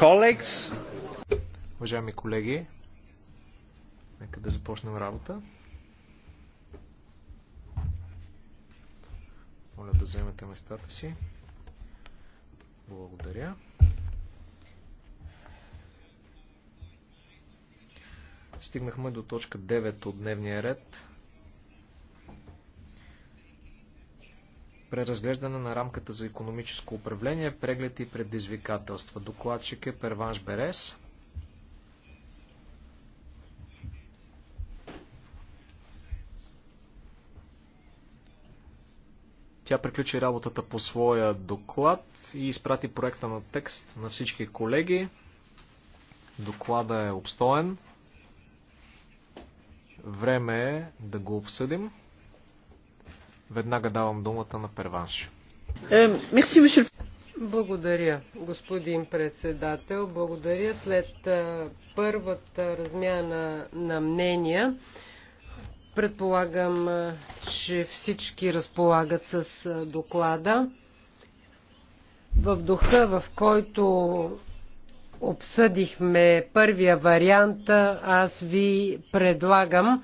colleagues. Уважаеми колеги, нека да започнем работа. Моля да вземете местата си. Благодаря. Стигнахме до точка 9 от дневния ред. преразглеждане на рамката за економическо управление, преглед и предизвикателства. Докладчик е Перванш Берес. Тя приключи работата по своя доклад и изпрати проекта на текст на всички колеги. Доклада е обстоен. Време е да го обсъдим. Веднага давам думата на перванш. Благодаря, господин председател. Благодаря след първата размяна на мнения. Предполагам, че всички разполагат с доклада. В духа, в който обсъдихме първия вариант, аз ви предлагам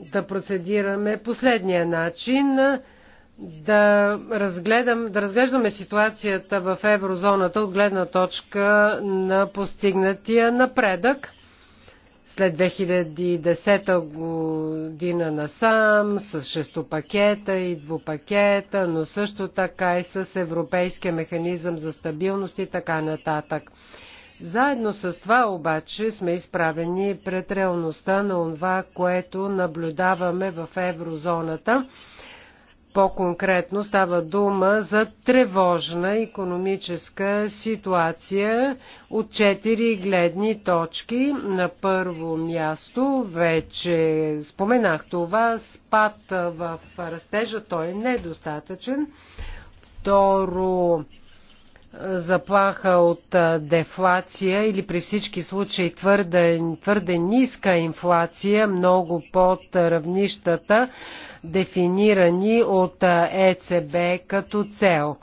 да процедираме последния начин да, разгледам, да разглеждаме ситуацията в еврозоната от гледна точка на постигнатия напредък след 2010 година насам, с шестопакета и двупакета, но също така и с Европейския механизъм за стабилност и така нататък. Заедно с това обаче сме изправени пред реалността на това, което наблюдаваме в еврозоната. По-конкретно става дума за тревожна економическа ситуация от четири гледни точки. На първо място, вече споменах това, спад в растежа, той е недостатъчен. Второ, заплаха от дефлация или при всички случаи твърде, твърде ниска инфлация, много под равнищата, дефинирани от ЕЦБ като цел.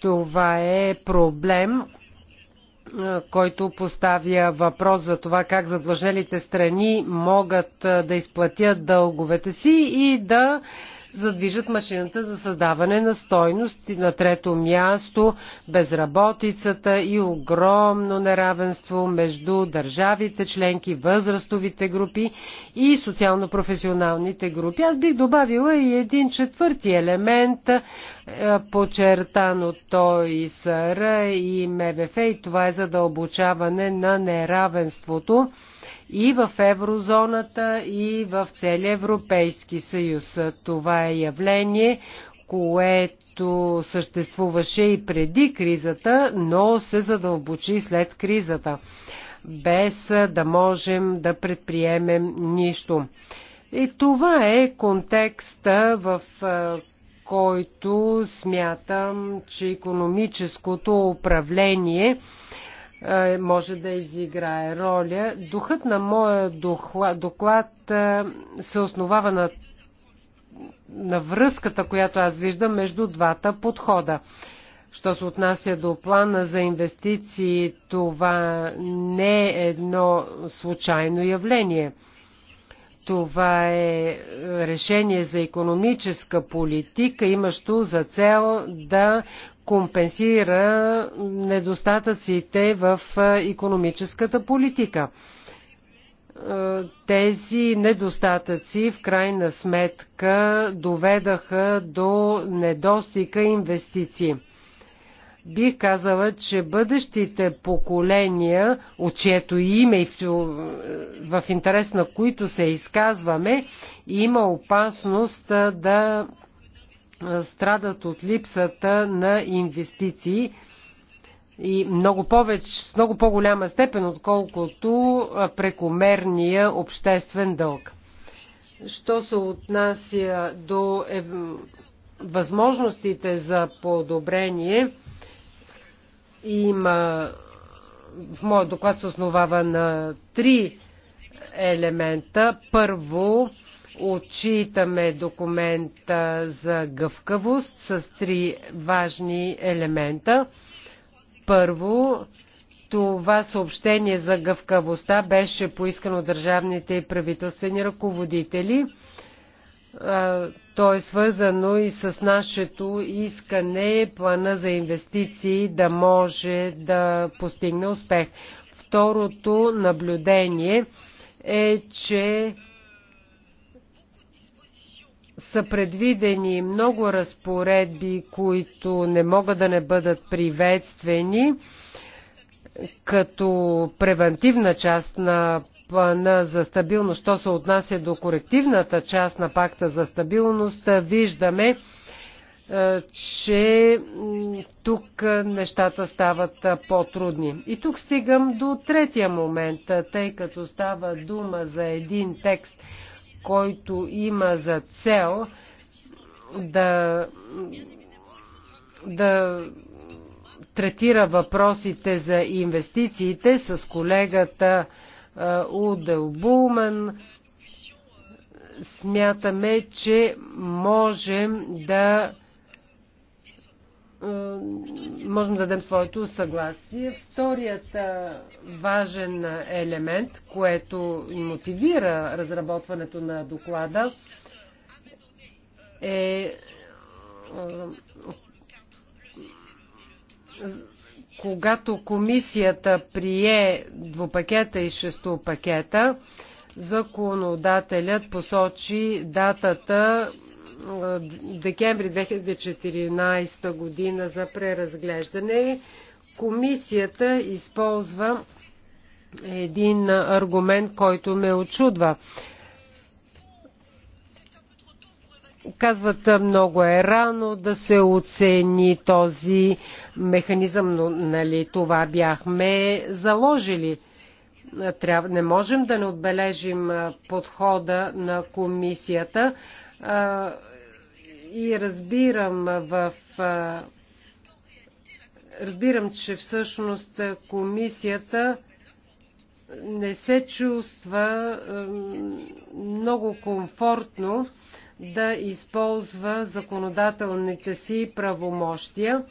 Това е проблем, който поставя въпрос за това как задлъжнелите страни могат да изплатят дълговете си и да задвижат машината за създаване на стойност. И на трето място безработицата и огромно неравенство между държавите, членки, възрастовите групи и социално-професионалните групи. Аз бих добавила и един четвърти елемент, е, подчертан от той СР и МВФ, и това е задълбочаване на неравенството и в еврозоната, и в целия Европейски съюз. Това е явление, което съществуваше и преди кризата, но се задълбочи след кризата, без да можем да предприемем нищо. И това е контекста, в който смятам, че економическото управление е, може да изиграе роля. Духът на моя доклад, е, се основава на, на връзката, която аз виждам между двата подхода. Що се отнася до плана за инвестиции, това не е едно случайно явление. Това е решение за економическа политика, имащо за цел да компенсира недостатъците в економическата политика. Тези недостатъци в крайна сметка доведаха до недостига инвестиции. Бих казала, че бъдещите поколения, от чието име и в интерес на които се изказваме, има опасност да страдат от липсата на инвестиции и много повече, с много по-голяма степен, отколкото прекомерния обществен дълг. Що се отнася до е, възможностите за подобрение, има в моят доклад се основава на три елемента. Първо, отчитаме документа за гъвкавост с три важни елемента. Първо, това съобщение за гъвкавостта беше поискано от държавните и правителствени ръководители. То е свързано и с нашето искане плана за инвестиции да може да постигне успех. Второто наблюдение е, че са предвидени много разпоредби, които не могат да не бъдат приветствени като превентивна част на плана за стабилност, що се отнася до корективната част на пакта за стабилност, виждаме, е, че тук нещата стават по-трудни. И тук стигам до третия момент, тъй като става дума за един текст, който има за цел да, да третира въпросите за инвестициите с колегата Удел Булман. Смятаме, че можем да е, можем да дадем своето съгласие. Вторият е, важен елемент, което мотивира разработването на доклада, е, е когато комисията прие двупакета и шестопакета, законодателят посочи датата, декември 2014 година за преразглеждане, комисията използва един аргумент, който ме очудва. Казват, много е рано да се оцени този механизъм, но нали, това бяхме заложили. Трябва, не можем да не отбележим подхода на комисията и разбирам в разбирам, че всъщност комисията не се чувства много комфортно да използва законодателните си правомощия.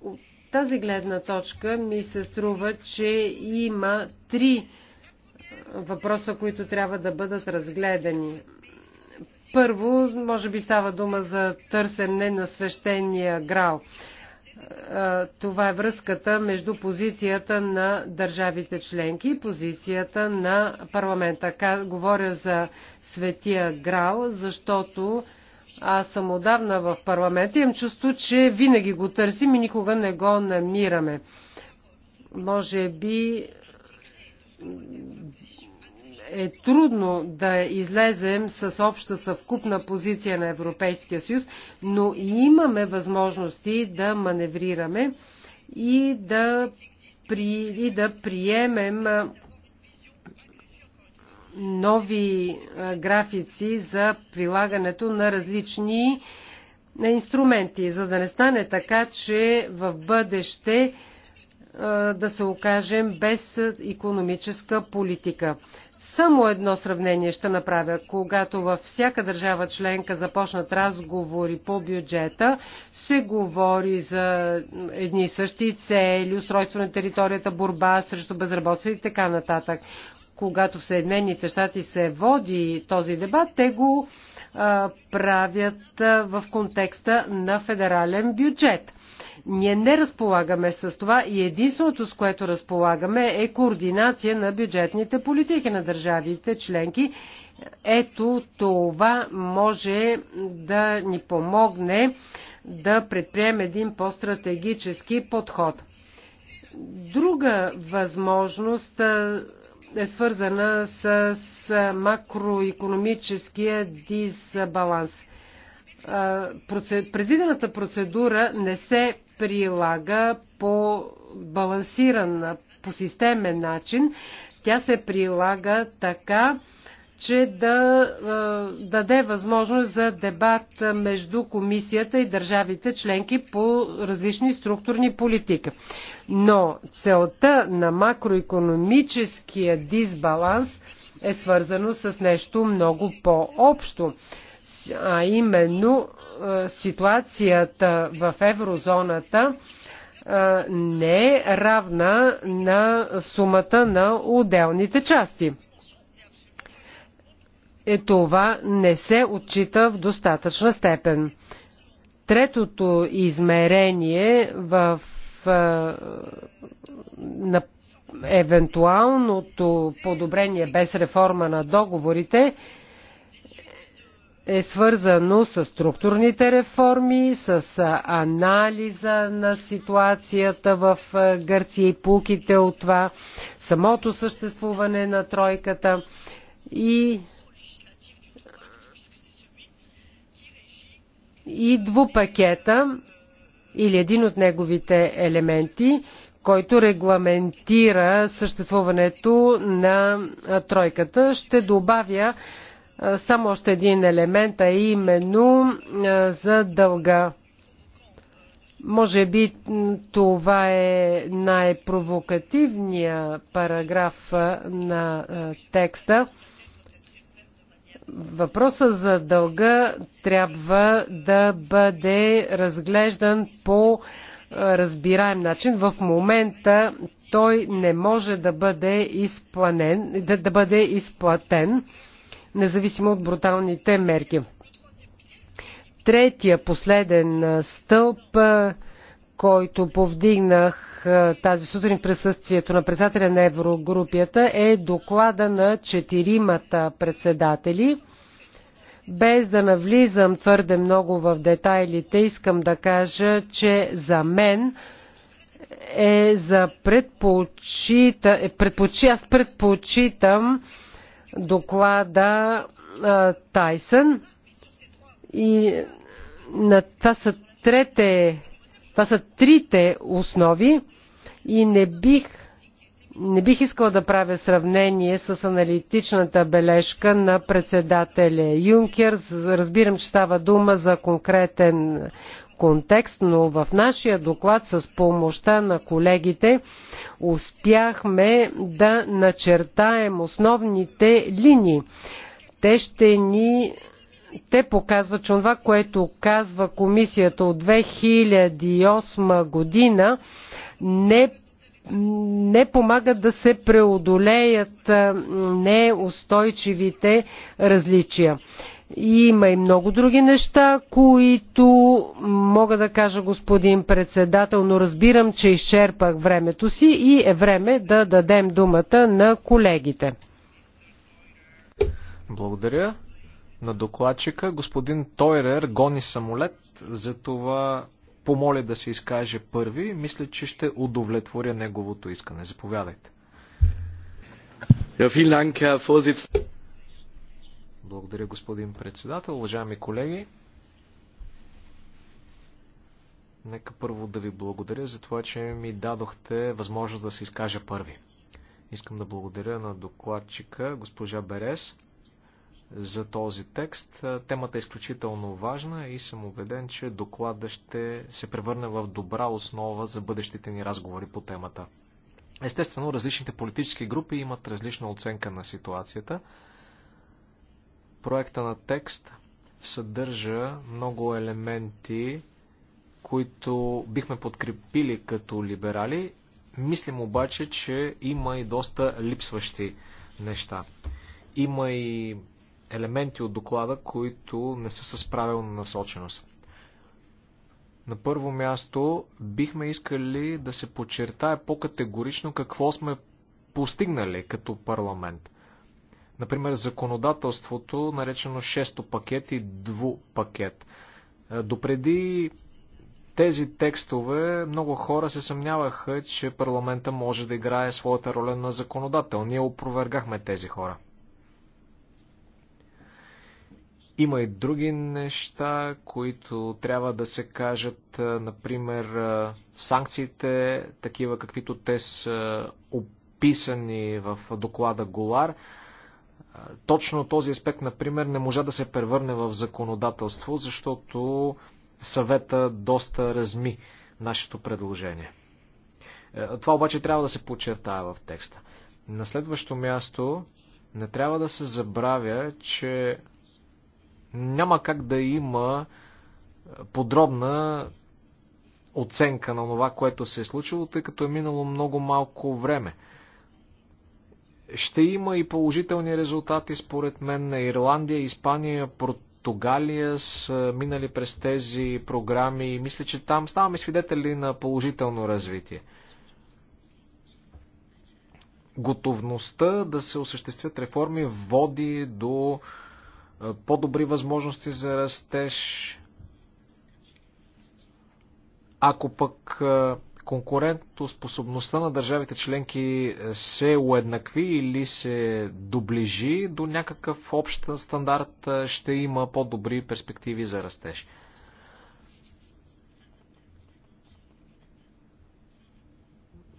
От тази гледна точка ми се струва, че има три въпроса, които трябва да бъдат разгледани. Първо, може би става дума за търсене на свещения грал. Това е връзката между позицията на държавите членки и позицията на парламента. Говоря за светия грал, защото аз съм отдавна в парламента и имам чувство, че винаги го търсим и никога не го намираме. Може би е трудно да излезем с обща съвкупна позиция на Европейския съюз, но и имаме възможности да маневрираме и да, при, и да приемем нови графици за прилагането на различни инструменти, за да не стане така, че в бъдеще да се окажем без економическа политика. Само едно сравнение ще направя. Когато във всяка държава членка започнат разговори по бюджета, се говори за едни и същи цели, устройство на територията, борба срещу безработица и така нататък. Когато в Съединените щати се води този дебат, те го а, правят а, в контекста на федерален бюджет. Ние не разполагаме с това и единственото, с което разполагаме е координация на бюджетните политики на държавите членки. Ето това може да ни помогне да предприемем един по-стратегически подход. Друга възможност е свързана с макроекономическия дисбаланс. Предвидената процедура не се прилага по балансиран, по системен начин. Тя се прилага така, че да е, даде възможност за дебат между комисията и държавите членки по различни структурни политики. Но целта на макроекономическия дисбаланс е свързано с нещо много по-общо, а именно е, ситуацията в еврозоната е, не е равна на сумата на отделните части. Е, това не се отчита в достатъчна степен. Третото измерение в е, на евентуалното подобрение без реформа на договорите е свързано с структурните реформи, с анализа на ситуацията в Гърция и пуките от това, самото съществуване на тройката и и двупакета или един от неговите елементи, който регламентира съществуването на тройката. Ще добавя е, само още един елемент, а именно е, за дълга. Може би това е най-провокативният параграф е, на текста. Въпросът за дълга трябва да бъде разглеждан по разбираем начин. В момента той не може да бъде, изпланен, да, да бъде изплатен независимо от бруталните мерки. Третия последен стълб, който повдигнах тази сутрин в присъствието на председателя на Еврогрупията, е доклада на четиримата председатели. Без да навлизам твърде много в детайлите, искам да кажа, че за мен е за предпочита, е предпочи, аз предпочитам доклада Тайсън. И на това са, трете, това са трите основи и не бих, не бих искал да правя сравнение с аналитичната бележка на председателя Юнкер. Разбирам, че става дума за конкретен контекст, но в нашия доклад с помощта на колегите успяхме да начертаем основните линии. Те ще ни те показват, че това, което казва комисията от 2008 година, не не помага да се преодолеят неустойчивите различия. Има и много други неща, които мога да кажа господин председател, но разбирам, че изчерпах времето си и е време да дадем думата на колегите. Благодаря на докладчика. Господин Тойрер гони самолет, затова помоля да се изкаже първи. Мисля, че ще удовлетворя неговото искане. Заповядайте. Благодаря, господин председател. Уважаеми колеги, нека първо да ви благодаря за това, че ми дадохте възможност да се изкажа първи. Искам да благодаря на докладчика, госпожа Берес, за този текст. Темата е изключително важна и съм убеден, че доклада ще се превърне в добра основа за бъдещите ни разговори по темата. Естествено, различните политически групи имат различна оценка на ситуацията. Проекта на текст съдържа много елементи, които бихме подкрепили като либерали. Мислим обаче, че има и доста липсващи неща. Има и елементи от доклада, които не са с правилна насоченост. На първо място бихме искали да се подчертае по-категорично какво сме постигнали като парламент. Например, законодателството, наречено 6 пакет и дву пакет. Е, допреди тези текстове много хора се съмняваха, че парламента може да играе своята роля на законодател. Ние опровергахме тези хора. Има и други неща, които трябва да се кажат, е, например е, санкциите, такива каквито те са описани в доклада Голар точно този аспект, например, не можа да се превърне в законодателство, защото съвета доста разми нашето предложение. Е, това обаче трябва да се подчертая в текста. На следващо място не трябва да се забравя, че няма как да има подробна оценка на това, което се е случило, тъй като е минало много малко време – ще има и положителни резултати, според мен, на Ирландия, Испания, Португалия са минали през тези програми и мисля, че там ставаме свидетели на положително развитие. Готовността да се осъществят реформи води до по-добри възможности за растеж. Ако пък конкурентоспособността на държавите членки е, се уеднакви или се доближи до някакъв общ стандарт, е, ще има по-добри перспективи за растеж.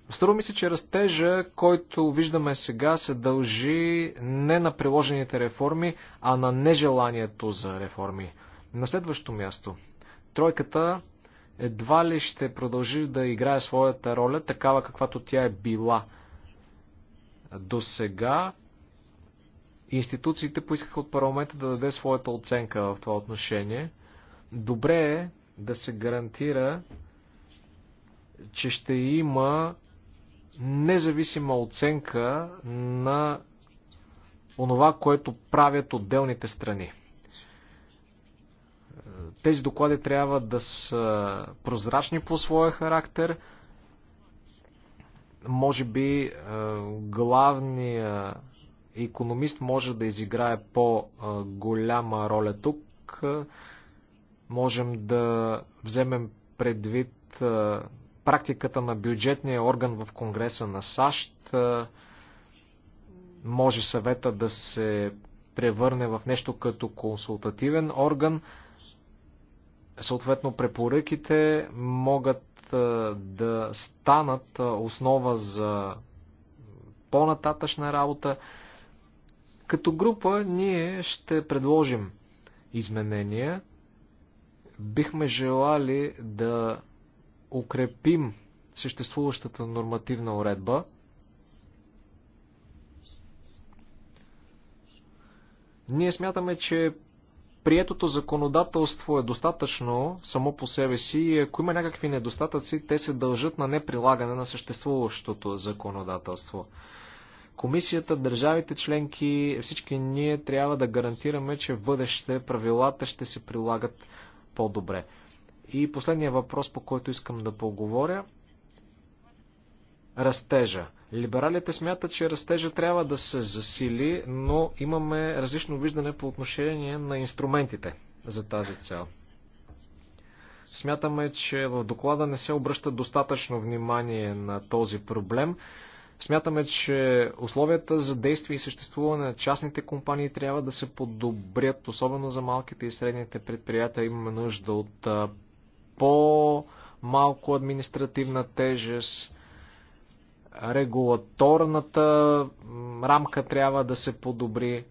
Струва ми се, че растежа, който виждаме сега, се дължи не на приложените реформи, а на нежеланието за реформи. На следващо място. Тройката едва ли ще продължи да играе своята роля такава, каквато тя е била. До сега институциите поискаха от парламента да даде своята оценка в това отношение. Добре е да се гарантира, че ще има независима оценка на онова, което правят отделните страни. Тези доклади трябва да са прозрачни по своя характер. Може би е, главният економист може да изиграе по-голяма роля тук. Можем да вземем предвид е, практиката на бюджетния орган в Конгреса на САЩ. Е, може съвета да се превърне в нещо като консултативен орган. Съответно, препоръките могат да станат основа за по-нататъчна работа. Като група ние ще предложим изменения. Бихме желали да укрепим съществуващата нормативна уредба. Ние смятаме, че приетото законодателство е достатъчно само по себе си и ако има някакви недостатъци, те се дължат на неприлагане на съществуващото законодателство. Комисията, държавите членки, всички ние трябва да гарантираме, че в бъдеще правилата ще се прилагат по-добре. И последния въпрос, по който искам да поговоря. Растежа. Либералите смятат, че растежа трябва да се засили, но имаме различно виждане по отношение на инструментите за тази цел. Смятаме, че в доклада не се обръща достатъчно внимание на този проблем. Смятаме, че условията за действие и съществуване на частните компании трябва да се подобрят, особено за малките и средните предприятия. Имаме нужда от по-малко административна тежест, регулаторната рамка трябва да се подобри,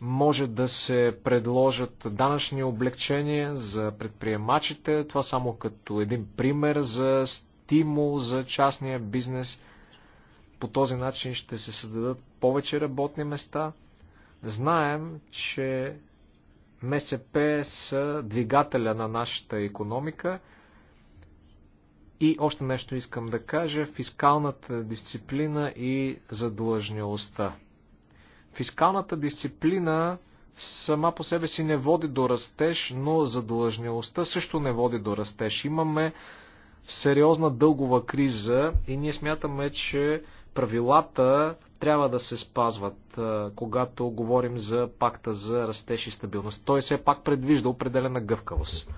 може да се предложат данъчни облегчения за предприемачите, това само като един пример за стимул за частния бизнес. По този начин ще се създадат повече работни места. Знаем, че МСП са двигателя на нашата економика – и още нещо искам да кажа. Фискалната дисциплина и задлъжнялостта. Фискалната дисциплина сама по себе си не води до растеж, но задлъжнялостта също не води до растеж. Имаме сериозна дългова криза и ние смятаме, че правилата трябва да се спазват, когато говорим за пакта за растеж и стабилност. Той все пак предвижда определена гъвкавост.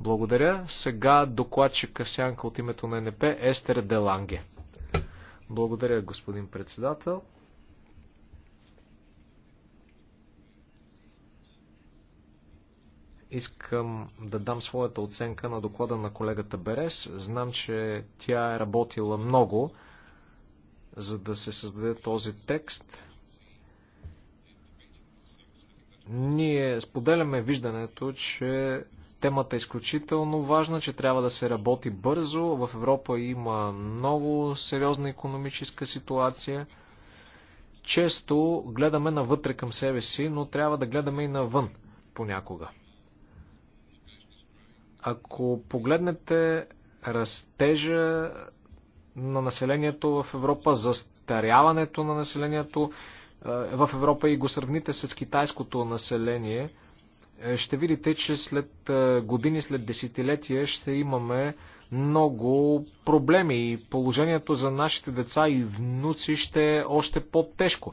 Благодаря. Сега докладчика сянка от името на НП Естер Деланге. Благодаря, господин председател. Искам да дам своята оценка на доклада на колегата Берес. Знам, че тя е работила много, за да се създаде този текст. Ние споделяме виждането, че темата е изключително важна, че трябва да се работи бързо. В Европа има много сериозна економическа ситуация. Често гледаме навътре към себе си, но трябва да гледаме и навън понякога. Ако погледнете растежа на населението в Европа, застаряването на населението в Европа и го сравните с китайското население, е, ще видите, че след е, години, след десетилетия ще имаме много проблеми и положението за нашите деца и внуци ще е още по-тежко.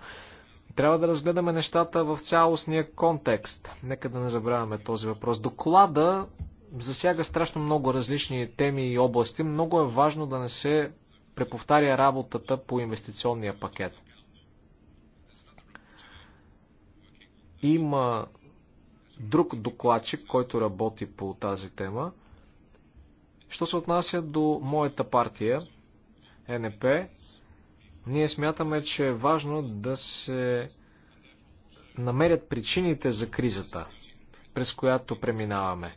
Трябва да разгледаме нещата в цялостния контекст. Нека да не забравяме този въпрос. Доклада засяга страшно много различни теми и области. Много е важно да не се преповтаря работата по инвестиционния пакет. Има друг докладчик, който работи по тази тема. Що се отнася до моята партия, НП, ние смятаме, че е важно да се намерят причините за кризата, през която преминаваме.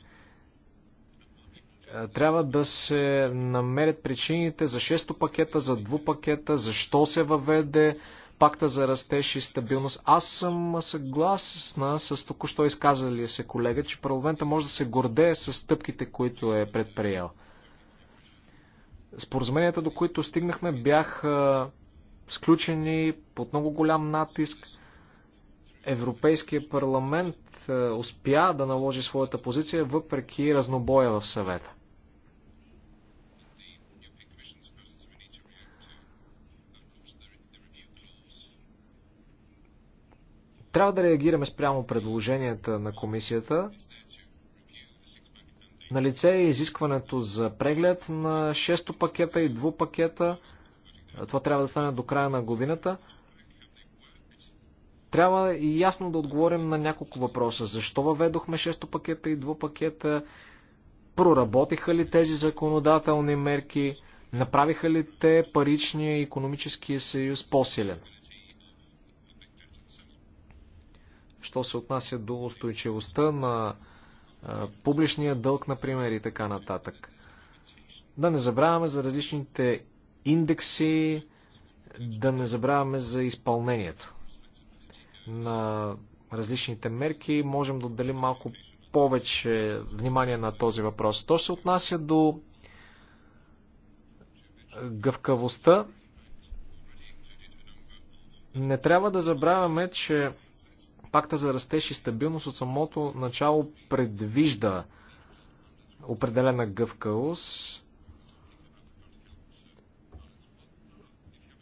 Е, трябва да се намерят причините за 6 пакета, за 2 пакета, защо се въведе пакта за растеж и стабилност. Аз съм съгласна с току-що изказали се колега, че парламента може да се гордее с стъпките, които е предприел. Споразуменията, до които стигнахме, бяха сключени под много голям натиск. Европейския парламент е, успя да наложи своята позиция, въпреки разнобоя в съвета. Трябва да реагираме спрямо предложенията на комисията. На лице е изискването за преглед на 6 пакета и 2 пакета. Това трябва да стане до края на годината. Трябва и ясно да отговорим на няколко въпроса. Защо въведохме 6 пакета и 2 пакета? Проработиха ли тези законодателни мерки? Направиха ли те паричния и економическия съюз по-силен? що се отнася до устойчивостта на публичния дълг, например, и така нататък. Да не забравяме за различните индекси, да не забравяме за изпълнението на различните мерки. Можем да отделим малко повече внимание на този въпрос. То се отнася до гъвкавостта. Не трябва да забравяме, че Пакта за растеж и стабилност от самото начало предвижда определена гъвкавост.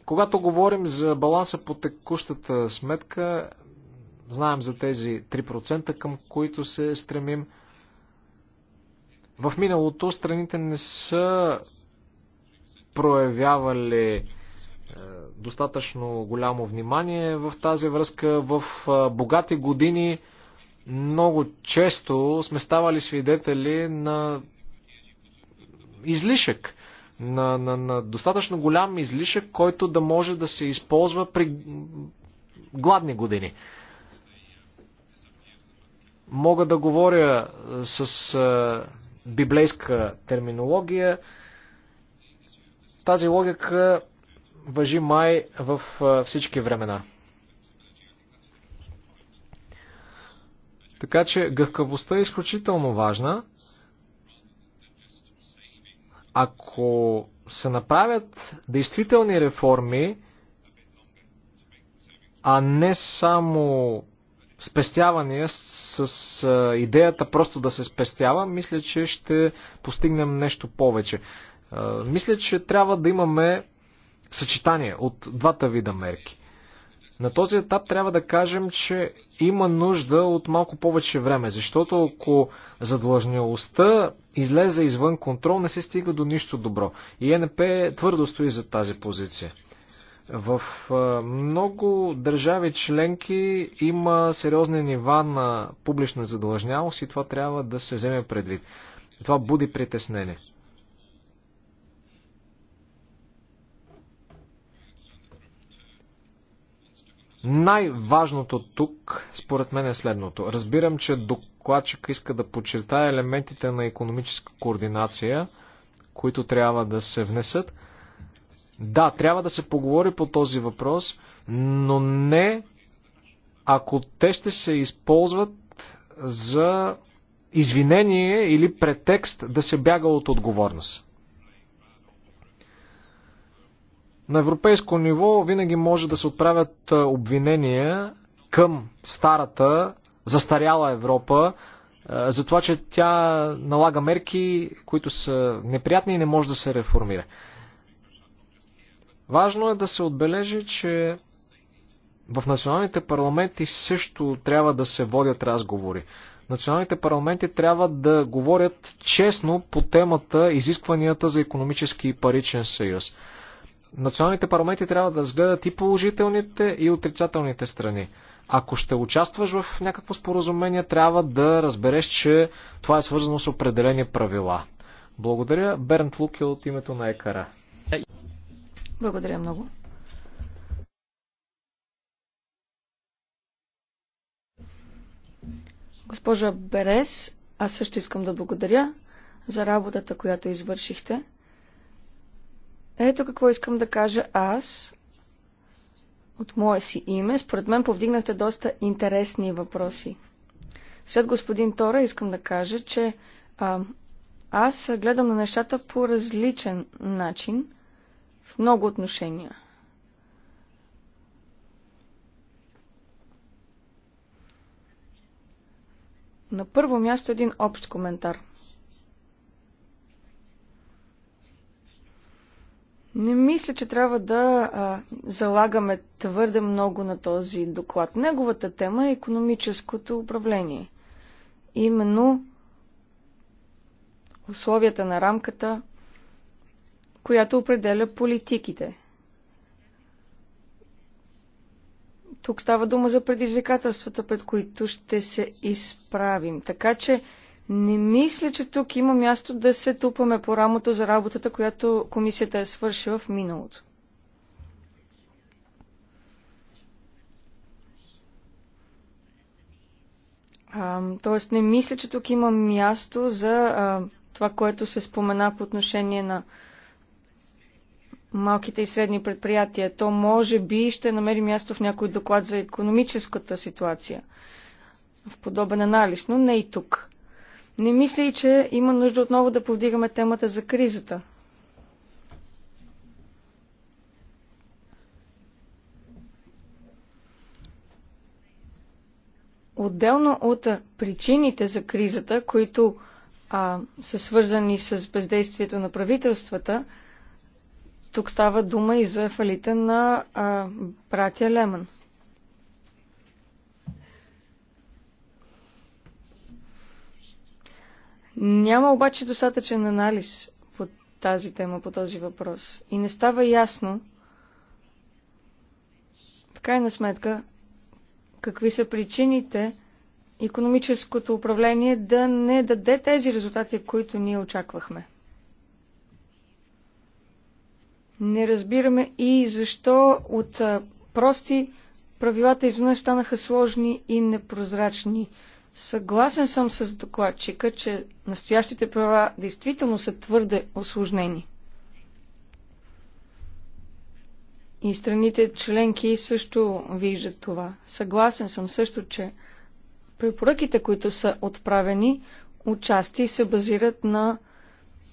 Когато говорим за баланса по текущата сметка, знаем за тези 3%, към които се стремим. В миналото страните не са проявявали е, достатъчно голямо внимание в тази връзка. В е, богати години много често сме ставали свидетели на излишък, на, на, на достатъчно голям излишък, който да може да се използва при гладни години. Мога да говоря е, с а, библейска терминология. Тази логика въжи май в всички времена. Така че гъвкавостта е изключително важна. Ако се направят действителни реформи, а не само спестявания с, с идеята просто да се спестява, мисля, че ще постигнем нещо повече. мисля, че трябва да имаме съчетание от двата вида мерки. На този етап трябва да кажем, че има нужда от малко повече време, защото ако задлъжнялостта излезе извън контрол, не се стига до нищо добро. И НП твърдо стои за тази позиция. В много държави членки има сериозни нива на публична задлъжнялост и това трябва да се вземе предвид. Това буди притеснение. Най-важното тук, според мен, е следното. Разбирам, че докладчик иска да подчертая елементите на економическа координация, които трябва да се внесат. Да, трябва да се поговори по този въпрос, но не ако те ще се използват за извинение или претекст да се бяга от отговорност. На европейско ниво винаги може да се отправят обвинения към старата, застаряла Европа, за това, че тя налага мерки, които са неприятни и не може да се реформира. Важно е да се отбележи, че в националните парламенти също трябва да се водят разговори. Националните парламенти трябва да говорят честно по темата изискванията за економически и паричен съюз националните парламенти трябва да разгледат и положителните, и отрицателните страни. Ако ще участваш в някакво споразумение, трябва да разбереш, че това е свързано с определени правила. Благодаря. Бернт Луки е от името на Екара. Благодаря много. Госпожа Берес, аз също искам да благодаря за работата, която извършихте. Ето какво искам да кажа аз от мое си име. Според мен повдигнахте доста интересни въпроси. След господин Тора искам да кажа, че а, аз гледам на нещата по различен начин в много отношения. На първо място един общ коментар – Не мисля, че трябва да а, залагаме твърде много на този доклад. Неговата тема е економическото управление. Именно условията на рамката, която определя политиките. Тук става дума за предизвикателствата, пред които ще се изправим. Така че не мисля, че тук има място да се тупаме по рамото за работата, която комисията е свършила в миналото. Тоест не мисля, че тук има място за а, това, което се спомена по отношение на малките и средни предприятия. То може би ще намери място в някой доклад за економическата ситуация, в подобен анализ, но не и тук. Не мисля и, че има нужда отново да повдигаме темата за кризата. Отделно от причините за кризата, които а, са свързани с бездействието на правителствата, тук става дума и за фалита на а, братя Лемън. Няма обаче достатъчен анализ по тази тема, по този въпрос. И не става ясно, в крайна сметка, какви са причините економическото управление да не даде тези резултати, които ние очаквахме. Не разбираме и защо от прости правилата изведнъж станаха сложни и непрозрачни. Съгласен съм с докладчика, че настоящите права действително са твърде осложнени. И страните членки също виждат това. Съгласен съм също, че препоръките, които са отправени, отчасти се базират на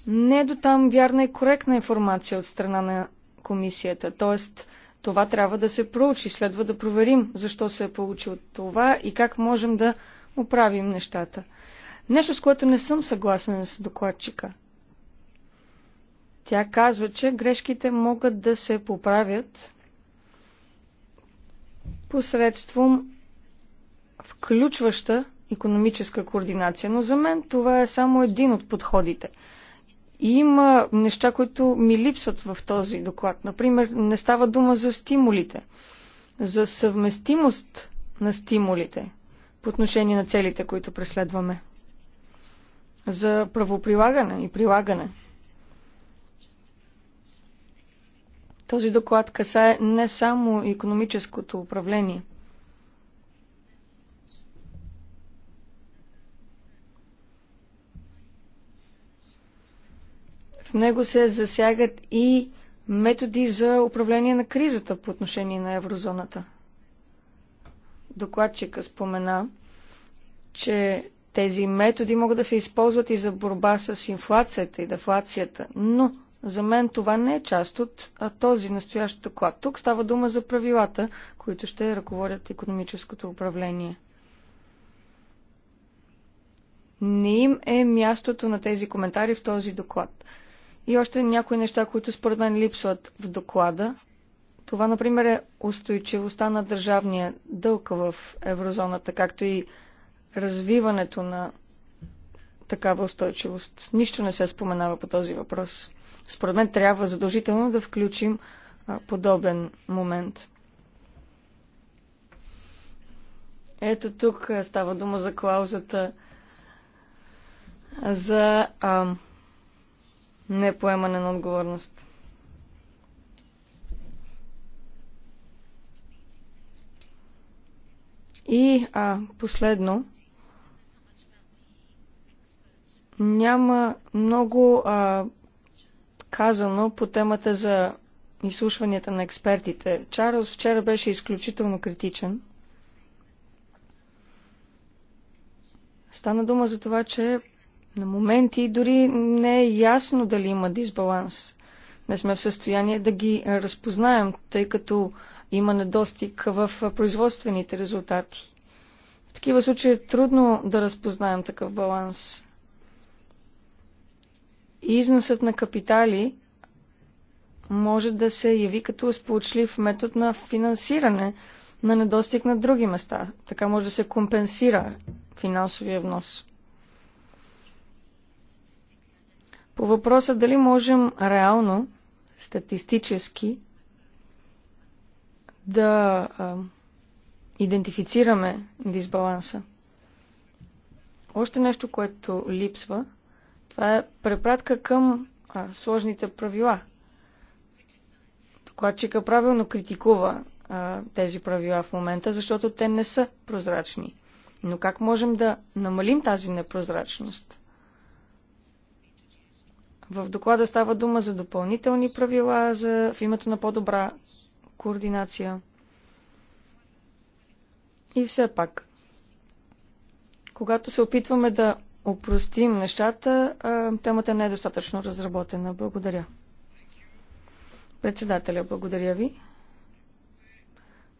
не до там вярна и коректна информация от страна на комисията. Тоест, това трябва да се проучи. Следва да проверим защо се е получило това и как можем да оправим нещата. Нещо, с което не съм съгласен с докладчика. Тя казва, че грешките могат да се поправят посредством включваща економическа координация. Но за мен това е само един от подходите. И има неща, които ми липсват в този доклад. Например, не става дума за стимулите, за съвместимост на стимулите по отношение на целите, които преследваме. За правоприлагане и прилагане. Този доклад касае не само економическото управление. В него се засягат и методи за управление на кризата по отношение на еврозоната докладчика спомена, че тези методи могат да се използват и за борба с инфлацията и дефлацията, но за мен това не е част от а този настоящ доклад. Тук става дума за правилата, които ще ръководят економическото управление. Не им е мястото на тези коментари в този доклад. И още някои неща, които според мен липсват в доклада, това, например, е устойчивостта на държавния дълг в еврозоната, както и развиването на такава устойчивост. Нищо не се споменава по този въпрос. Според мен трябва задължително да включим подобен момент. Ето тук става дума за клаузата за а, непоемане на отговорност. И а, последно, няма много а, казано по темата за изслушванията на експертите. Чарлз вчера беше изключително критичен. Стана дума за това, че на моменти дори не е ясно дали има дисбаланс. Не сме в състояние да ги разпознаем, тъй като има недостиг в производствените резултати. В такива случаи е трудно да разпознаем такъв баланс. Износът на капитали може да се яви като сполучлив метод на финансиране на недостиг на други места. Така може да се компенсира финансовия внос. По въпроса дали можем реално, статистически, да а, идентифицираме дисбаланса. Още нещо, което липсва, това е препратка към а, сложните правила. Докладчика правилно критикува а, тези правила в момента, защото те не са прозрачни. Но как можем да намалим тази непрозрачност? В доклада става дума за допълнителни правила за, в името на по-добра координация. И все пак, когато се опитваме да опростим нещата, темата не е достатъчно разработена. Благодаря. Председателя, благодаря ви.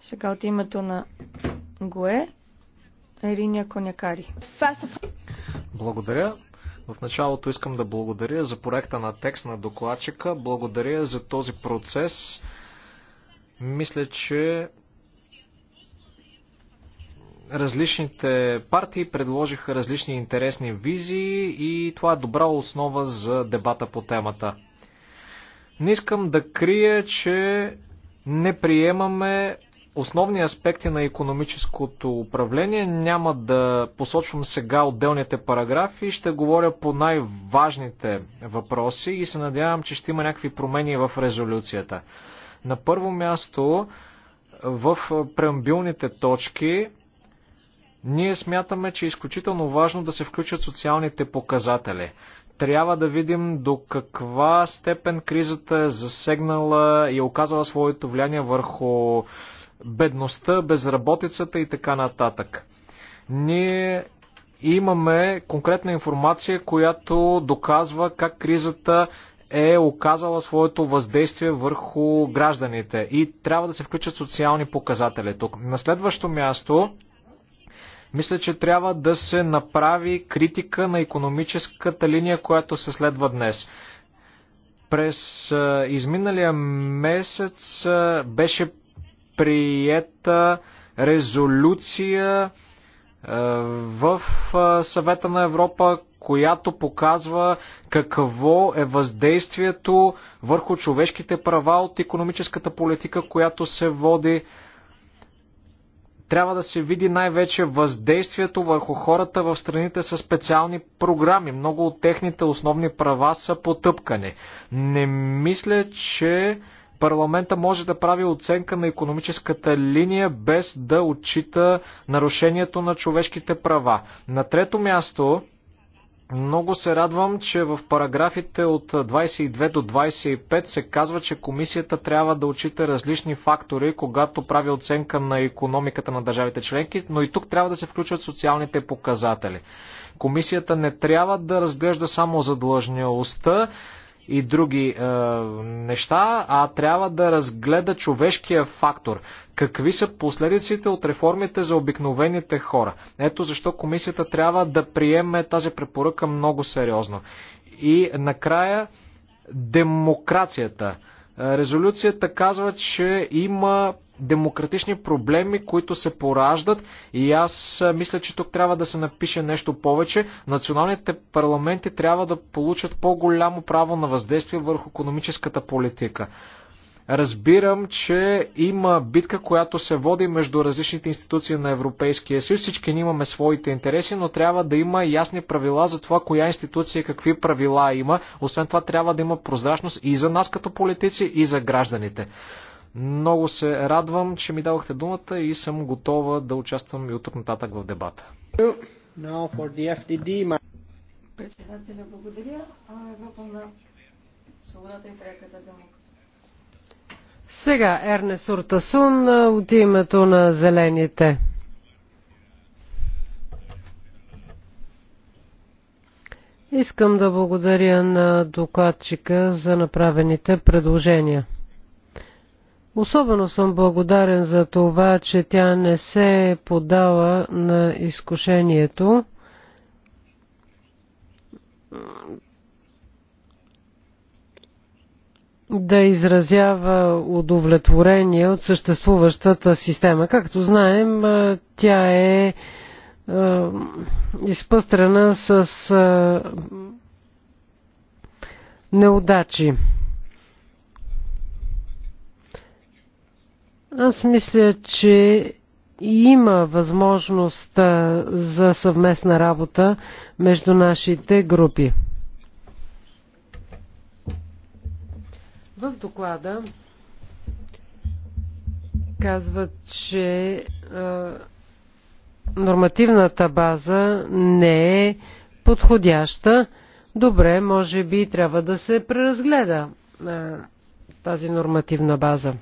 Сега от името на ГОЕ, Ериня Конякари. Благодаря. В началото искам да благодаря за проекта на текст на докладчика. Благодаря за този процес мисля, че различните партии предложиха различни интересни визии и това е добра основа за дебата по темата. Не искам да крия, че не приемаме основни аспекти на економическото управление. Няма да посочвам сега отделните параграфи, ще говоря по най-важните въпроси и се надявам, че ще има някакви промени в резолюцията. На първо място, в преамбилните точки, ние смятаме, че е изключително важно да се включат социалните показатели. Трябва да видим до каква степен кризата е засегнала и е оказала своето влияние върху бедността, безработицата и така нататък. Ние имаме конкретна информация, която доказва как кризата е оказала своето въздействие върху гражданите и трябва да се включат социални показатели тук. На следващо място, мисля, че трябва да се направи критика на економическата линия, която се следва днес. През изминалия месец беше приета резолюция в съвета на Европа, която показва какво е въздействието върху човешките права от економическата политика, която се води. Трябва да се види най-вече въздействието върху хората в страните с специални програми. Много от техните основни права са потъпкани. Не мисля, че парламента може да прави оценка на економическата линия без да отчита нарушението на човешките права. На трето място, много се радвам, че в параграфите от 22 до 25 се казва, че комисията трябва да отчита различни фактори, когато прави оценка на економиката на държавите членки, но и тук трябва да се включват социалните показатели. Комисията не трябва да разглежда само задлъжнялостта, и други е, неща, а трябва да разгледа човешкия фактор. Какви са последиците от реформите за обикновените хора? Ето защо комисията трябва да приеме тази препоръка много сериозно. И накрая демокрацията. Резолюцията казва, че има демократични проблеми, които се пораждат и аз мисля, че тук трябва да се напише нещо повече. Националните парламенти трябва да получат по-голямо право на въздействие върху економическата политика. Разбирам, че има битка, която се води между различните институции на Европейския съюз. Всички ние имаме своите интереси, но трябва да има ясни правила за това, коя институция какви правила има. Освен това, трябва да има прозрачност и за нас като политици, и за гражданите. Много се радвам, че ми дадохте думата и съм готова да участвам и от тук нататък в дебата. Председателя, благодаря. Европа на свободата и преката демокрация. Сега Ерне Уртасун от името на Зелените. Искам да благодаря на докладчика за направените предложения. Особено съм благодарен за това, че тя не се е подала на изкушението да изразява удовлетворение от съществуващата система. Както знаем, тя е изпъстрена с неудачи. Аз мисля, че има възможност за съвместна работа между нашите групи. В доклада казват, че а, нормативната база не е подходяща. Добре, може би трябва да се преразгледа а, тази нормативна база.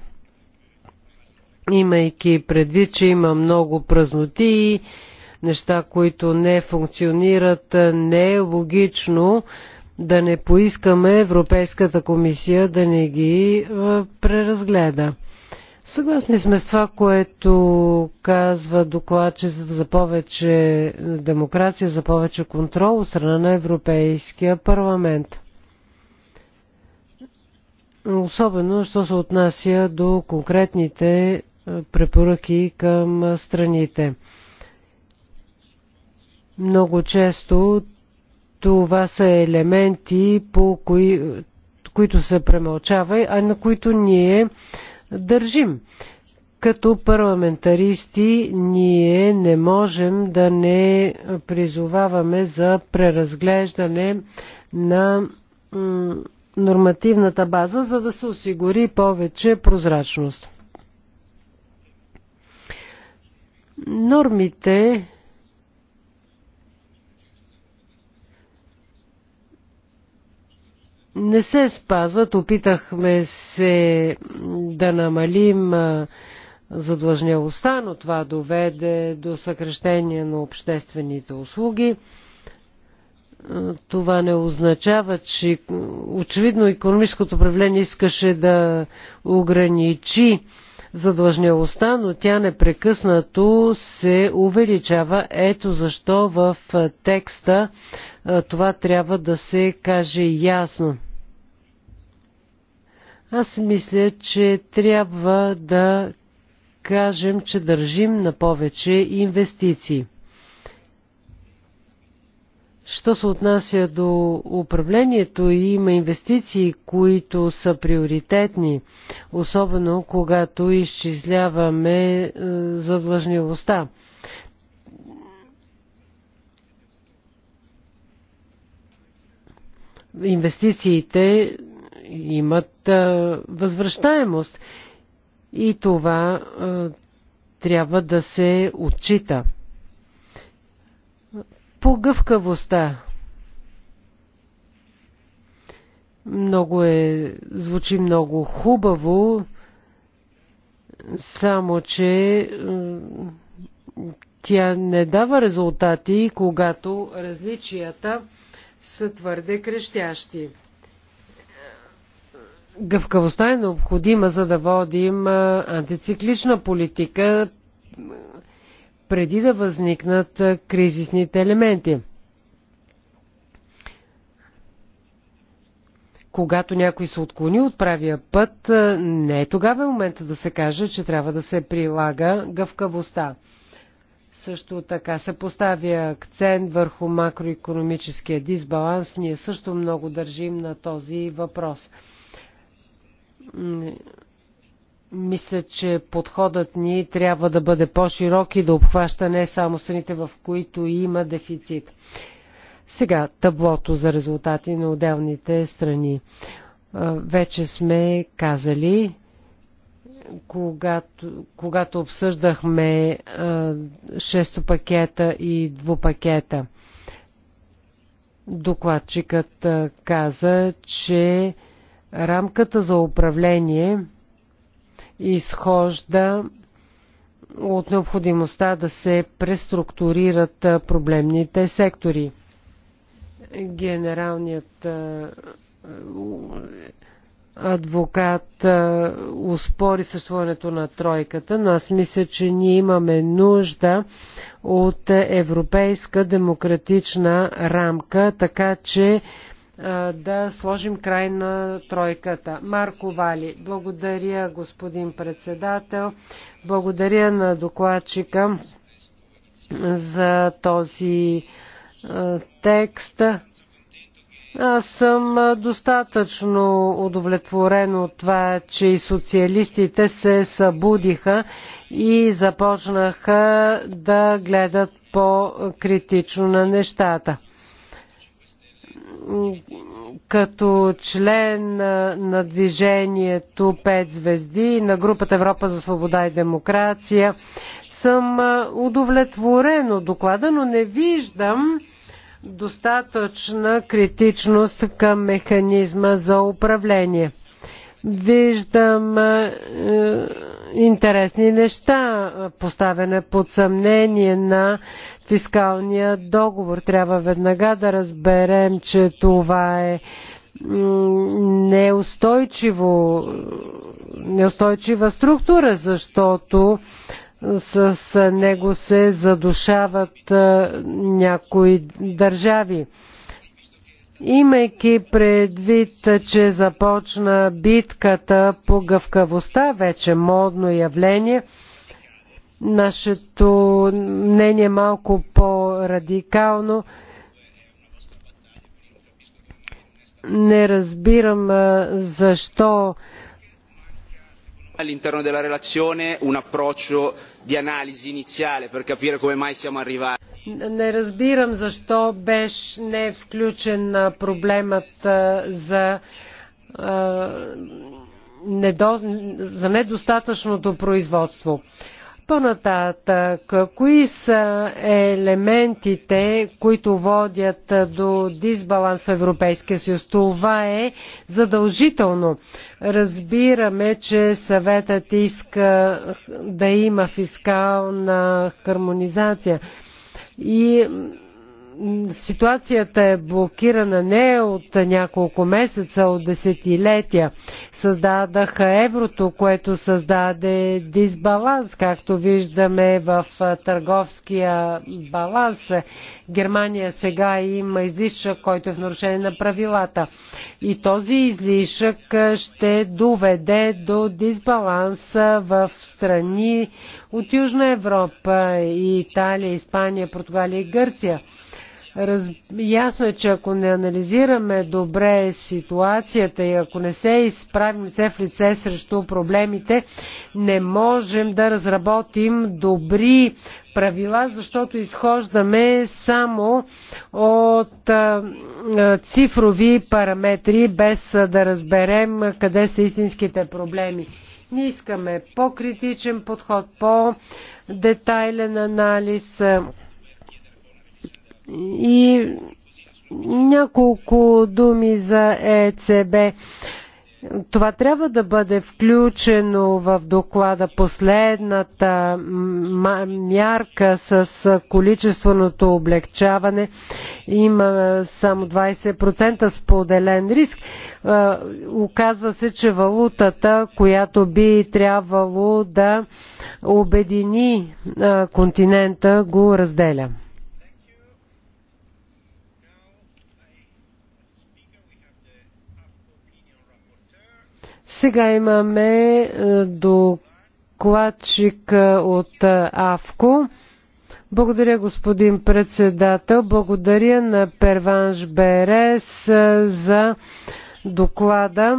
Имайки предвид, че има много празноти, неща, които не функционират, не е логично да не поискаме Европейската комисия да не ги преразгледа. Съгласни сме с това, което казва докладчицата за повече демокрация, за повече контрол от страна на Европейския парламент. Особено, що се отнася до конкретните препоръки към страните. Много често това са елементи, по кои, които се премълчава, а на които ние държим. Като парламентаристи ние не можем да не призоваваме за преразглеждане на нормативната база, за да се осигури повече прозрачност. Нормите не се спазват. Опитахме се да намалим задлъжнялостта, но това доведе до съкрещение на обществените услуги. Това не означава, че очевидно економическото управление искаше да ограничи задлъжнялостта, но тя непрекъснато се увеличава. Ето защо в текста това трябва да се каже ясно. Аз мисля, че трябва да кажем, че държим на повече инвестиции. Що се отнася до управлението, има инвестиции, които са приоритетни, особено когато изчисляваме е, задлъжнивостта. Инвестициите имат възвръщаемост. И това трябва да се отчита. По гъвкавостта. Много е, звучи много хубаво, само че тя не дава резултати, когато различията са твърде крещящи гъвкавостта е необходима, за да водим антициклична политика преди да възникнат кризисните елементи. Когато някой се отклони от правия път, не е тогава момента да се каже, че трябва да се прилага гъвкавостта. Също така се поставя акцент върху макроекономическия дисбаланс. Ние също много държим на този въпрос. Мисля, че подходът ни трябва да бъде по-широк и да обхваща не само страните, в които има дефицит. Сега таблото за резултати на отделните страни. Вече сме казали, когато, когато обсъждахме шесто пакета и двупакета, докладчикът каза, че Рамката за управление изхожда от необходимостта да се преструктурират проблемните сектори. Генералният адвокат успори съществуването на тройката, но аз мисля, че ние имаме нужда от европейска демократична рамка, така че да сложим край на тройката. Марко Вали, благодаря господин председател, благодаря на докладчика за този текст. Аз съм достатъчно удовлетворен от това, че и социалистите се събудиха и започнаха да гледат по-критично на нещата като член на движението 5 звезди на групата Европа за свобода и демокрация съм удовлетворен от доклада, но не виждам достатъчна критичност към механизма за управление. Виждам е, интересни неща, поставяне под съмнение на фискалния договор. Трябва веднага да разберем, че това е неустойчиво, неустойчива структура, защото с него се задушават някои държави. Имайки предвид, че започна битката по гъвкавостта, вече модно явление, Нашето мнение е малко по-радикално. Не разбирам защо all'interno della relazione un approccio di analisi iniziale per capire come mai siamo arrivati. Не разбирам защо беше не е включен проблемът за, за недостатъчното производство. По-нататък, кои са елементите, които водят до дисбаланс в Европейския съюз? Това е задължително. Разбираме, че съветът иска да има фискална хармонизация. И ситуацията е блокирана не от няколко месеца, от десетилетия. Създадаха еврото, което създаде дисбаланс, както виждаме в търговския баланс. Германия сега има излишък, който е в нарушение на правилата. И този излишък ще доведе до дисбаланс в страни от Южна Европа и Италия, Испания, Португалия и Гърция. Раз... Ясно е, че ако не анализираме добре ситуацията и ако не се изправим лице в лице срещу проблемите, не можем да разработим добри правила, защото изхождаме само от цифрови параметри, без да разберем къде са истинските проблеми. Ние искаме по-критичен подход, по-детайлен анализ. И няколко думи за ЕЦБ. Това трябва да бъде включено в доклада. Последната мярка с количественото облегчаване има само 20% споделен риск. Оказва се, че валутата, която би трябвало да обедини континента, го разделя. Сега имаме е, докладчик е, от е, АВКО. Благодаря, господин председател. Благодаря на Перванш Берес за доклада.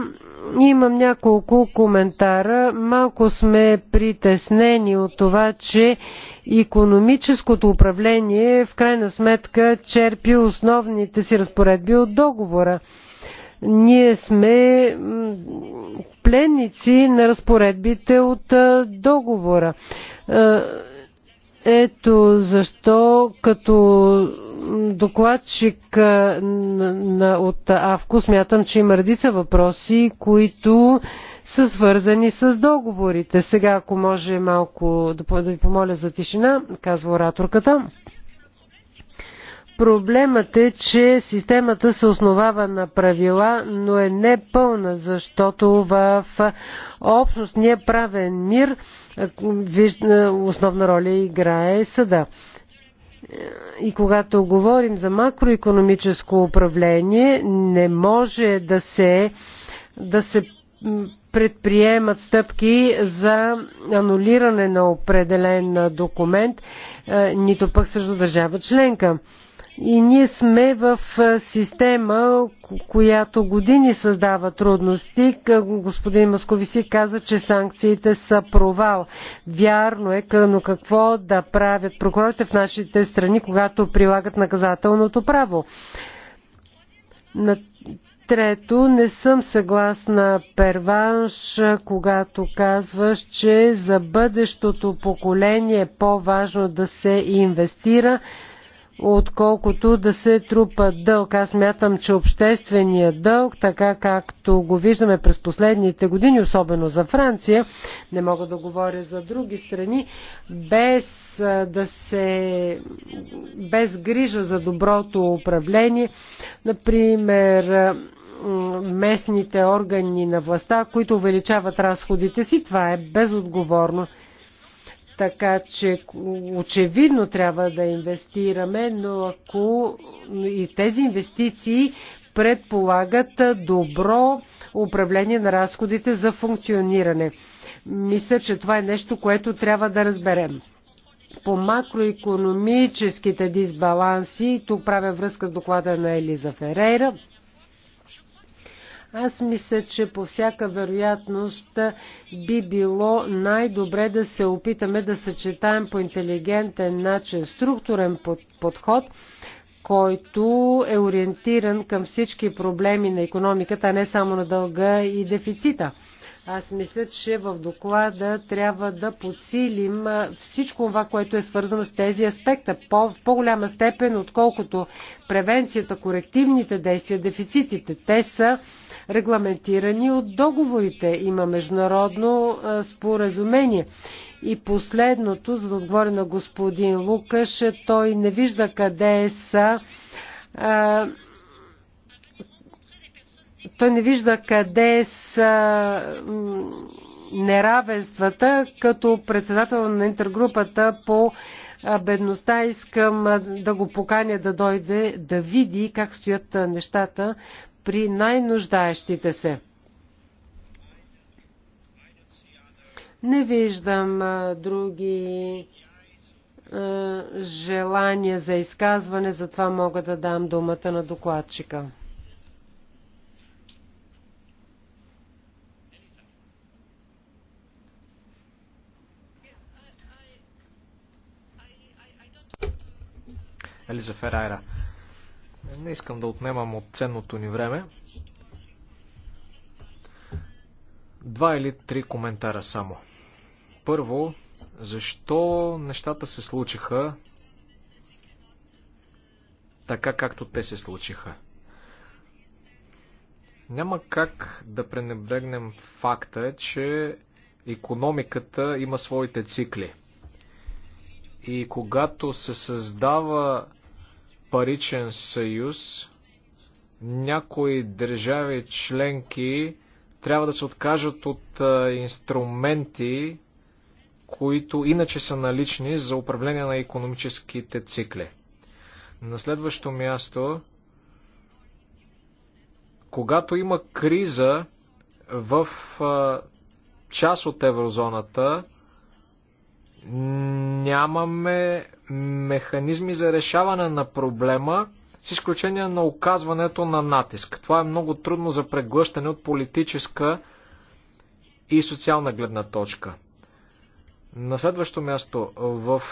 Имам няколко коментара. Малко сме притеснени от това, че економическото управление в крайна сметка черпи основните си разпоредби от договора. Ние сме пленници на разпоредбите от договора. Ето защо като докладчик от АВКО смятам, че има редица въпроси, които са свързани с договорите. Сега, ако може малко да ви помоля за тишина, казва ораторката. Проблемът е, че системата се основава на правила, но е непълна, защото в общностния правен мир е, е, основна роля играе съда. И когато говорим за макроекономическо управление, не може да се, да се предприемат стъпки за анулиране на определен документ, е, нито пък срещу държава членка. И ние сме в система, която години създава трудности. Господин Московиси каза, че санкциите са провал. Вярно е, но какво да правят прокурорите в нашите страни, когато прилагат наказателното право? На Трето, не съм съгласна перванш, когато казваш, че за бъдещото поколение е по-важно да се инвестира, отколкото да се трупа дълг. Аз мятам, че обществения дълг, така както го виждаме през последните години, особено за Франция, не мога да говоря за други страни, без да се без грижа за доброто управление, например местните органи на властта, които увеличават разходите си, това е безотговорно. Така че очевидно трябва да инвестираме, но ако и тези инвестиции предполагат добро управление на разходите за функциониране. Мисля, че това е нещо, което трябва да разберем. По макроекономическите дисбаланси, тук правя връзка с доклада на Елиза Ферейра, аз мисля, че по всяка вероятност би било най-добре да се опитаме да съчетаем по интелигентен начин структурен подход, който е ориентиран към всички проблеми на економиката, а не само на дълга и дефицита. Аз мисля, че в доклада трябва да подсилим всичко това, което е свързано с тези аспекта. По, в по-голяма степен, отколкото превенцията, корективните действия, дефицитите, те са регламентирани от договорите. Има международно споразумение. И последното, за да отговоря на господин Лукаш, той не вижда къде са а, той не вижда къде са неравенствата. Като председател на интергрупата по бедността искам да го поканя да дойде да види как стоят нещата при най-нуждаещите се. Не виждам а, други желания за изказване, затова мога да дам думата на докладчика. Елиза Ферайра. Не искам да отнемам от ценното ни време. Два или три коментара само. Първо, защо нещата се случиха така както те се случиха? Няма как да пренебрегнем факта, че економиката има своите цикли. И когато се създава паричен съюз, някои държави членки трябва да се откажат от инструменти, които иначе са налични за управление на економическите цикли. На следващо място, когато има криза в част от еврозоната, нямаме механизми за решаване на проблема, с изключение на оказването на натиск. Това е много трудно за преглъщане от политическа и социална гледна точка. На следващо място, в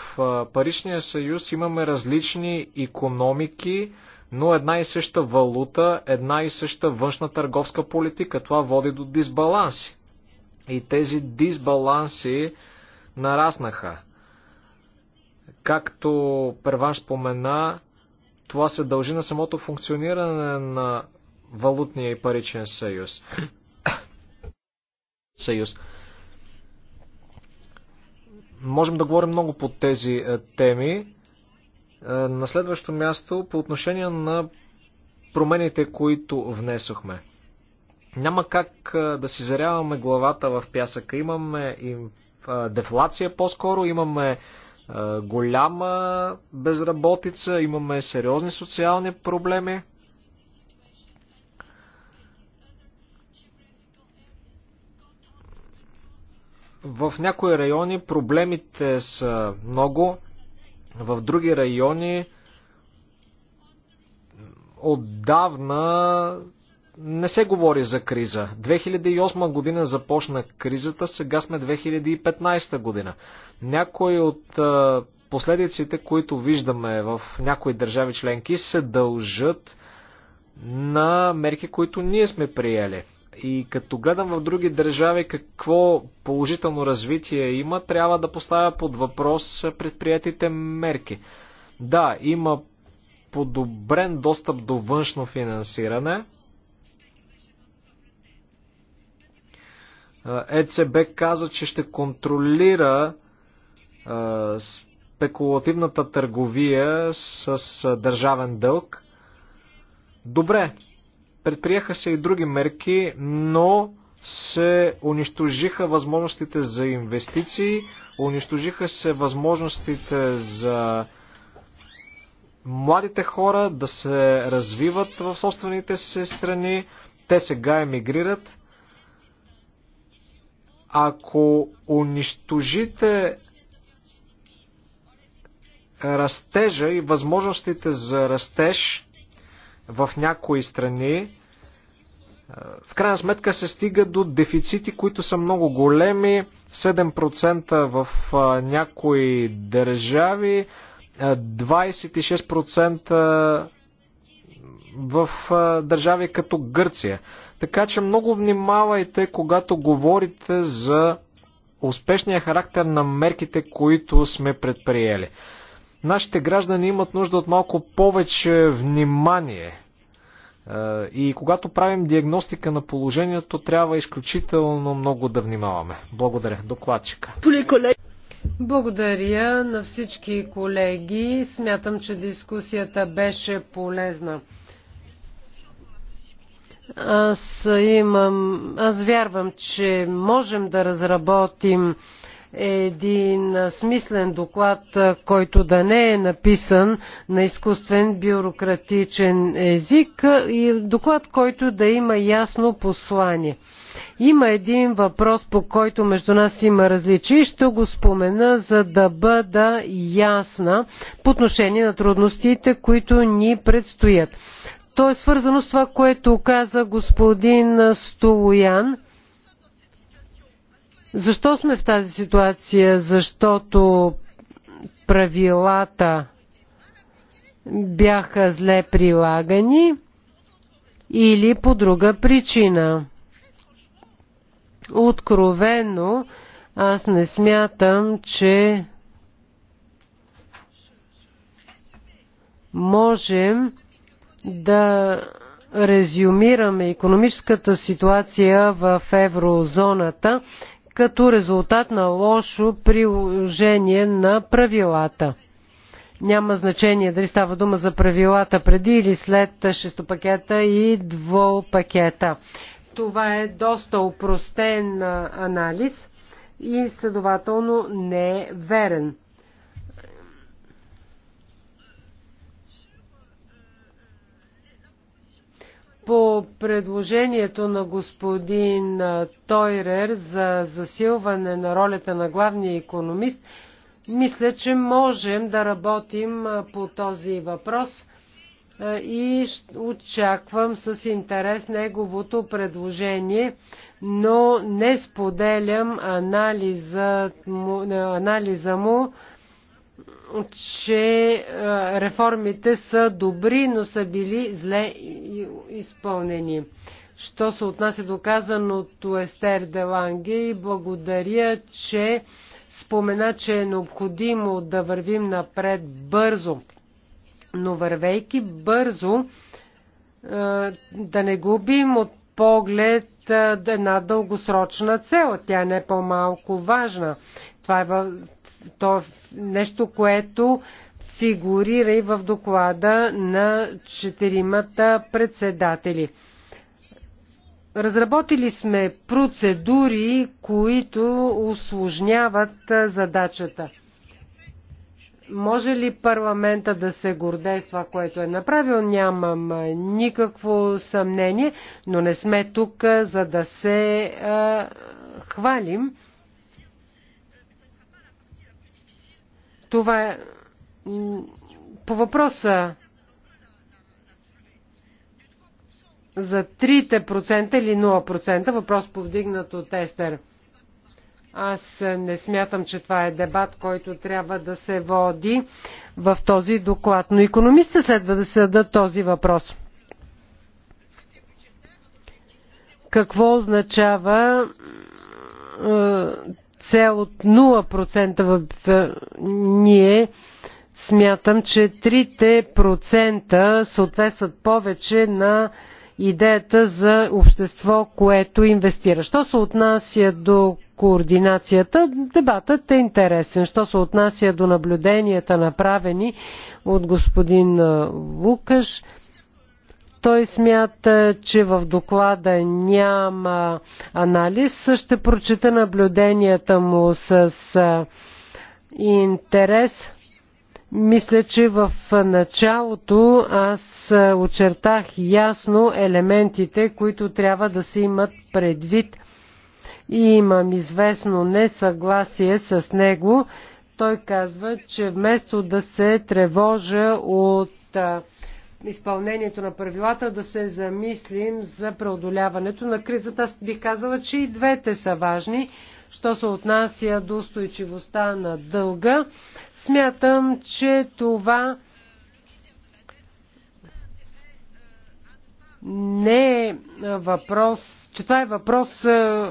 Паричния съюз имаме различни економики, но една и съща валута, една и съща външна търговска политика. Това води до дисбаланси. И тези дисбаланси нараснаха. Както Перван спомена, това се дължи на самото функциониране на валутния и паричен съюз. съюз. Можем да говорим много по тези е, теми. Е, на следващо място, по отношение на промените, които внесохме. Няма как е, да си заряваме главата в пясъка. Имаме дефлация по-скоро, имаме голяма безработица, имаме сериозни социални проблеми. В някои райони проблемите са много, в други райони отдавна не се говори за криза. 2008 година започна кризата, сега сме 2015 година. Някои от последиците, които виждаме в някои държави членки, се дължат на мерки, които ние сме приели. И като гледам в други държави какво положително развитие има, трябва да поставя под въпрос предприятите мерки. Да, има подобрен достъп до външно финансиране, ЕЦБ каза, че ще контролира спекулативната търговия с държавен дълг. Добре, предприеха се и други мерки, но се унищожиха възможностите за инвестиции, унищожиха се възможностите за младите хора да се развиват в собствените си страни, те сега емигрират. Ако унищожите растежа и възможностите за растеж в някои страни, е, в крайна сметка се стига до дефицити, които са много големи, 7% в е, някои държави, 26% е, в държави като Гърция. Така че много внимавайте, когато говорите за успешния характер на мерките, които сме предприели. Нашите граждани имат нужда от малко повече внимание. И когато правим диагностика на положението, трябва изключително много да внимаваме. Благодаря. Докладчика. Благодаря на всички колеги. Смятам, че дискусията беше полезна. Аз имам, аз вярвам, че можем да разработим един смислен доклад, който да не е написан на изкуствен бюрократичен език и доклад, който да има ясно послание. Има един въпрос, по който между нас има различия и ще го спомена, за да бъда ясна по отношение на трудностите, които ни предстоят. То е свързано с това, което каза господин Столоян. Защо сме в тази ситуация? Защото правилата бяха зле прилагани или по друга причина. Откровено, аз не смятам, че можем да резюмираме економическата ситуация в еврозоната като резултат на лошо приложение на правилата. Няма значение дали става дума за правилата преди или след шестопакета и двопакета. Това е доста упростен анализ и следователно не е верен. по предложението на господин Тойрер за засилване на ролята на главния економист, мисля, че можем да работим по този въпрос и очаквам с интерес неговото предложение, но не споделям анализа му, анализа му че е, реформите са добри, но са били зле изпълнени. Що се отнася до казаното Естер Деланге и благодаря, че спомена, че е необходимо да вървим напред бързо. Но вървейки бързо, е, да не губим от поглед е, една дългосрочна цел. Тя не е по-малко важна. Това е, то е нещо, което фигурира и в доклада на четиримата председатели. Разработили сме процедури, които усложняват задачата. Може ли парламента да се горде с това, което е направил? Нямам никакво съмнение, но не сме тук, за да се а, хвалим. Това е по въпроса за 3% или 0%, въпрос повдигнат от Естер. Аз не смятам, че това е дебат, който трябва да се води в този доклад, но економистите следва да се дадат този въпрос. Какво означава цел от 0% в, ние смятам, че 3% съответстват повече на идеята за общество, което инвестира. Що се отнася до координацията, дебатът е интересен. Що се отнася до наблюденията, направени от господин Лукаш, той смята, че в доклада няма анализ. Ще прочита наблюденията му с интерес. Мисля, че в началото аз очертах ясно елементите, които трябва да се имат предвид. И имам известно несъгласие с него. Той казва, че вместо да се тревожа от изпълнението на правилата, да се замислим за преодоляването на кризата. Аз бих казала, че и двете са важни. Що се отнася до устойчивостта на дълга, смятам, че това не е въпрос, че това е въпрос, е,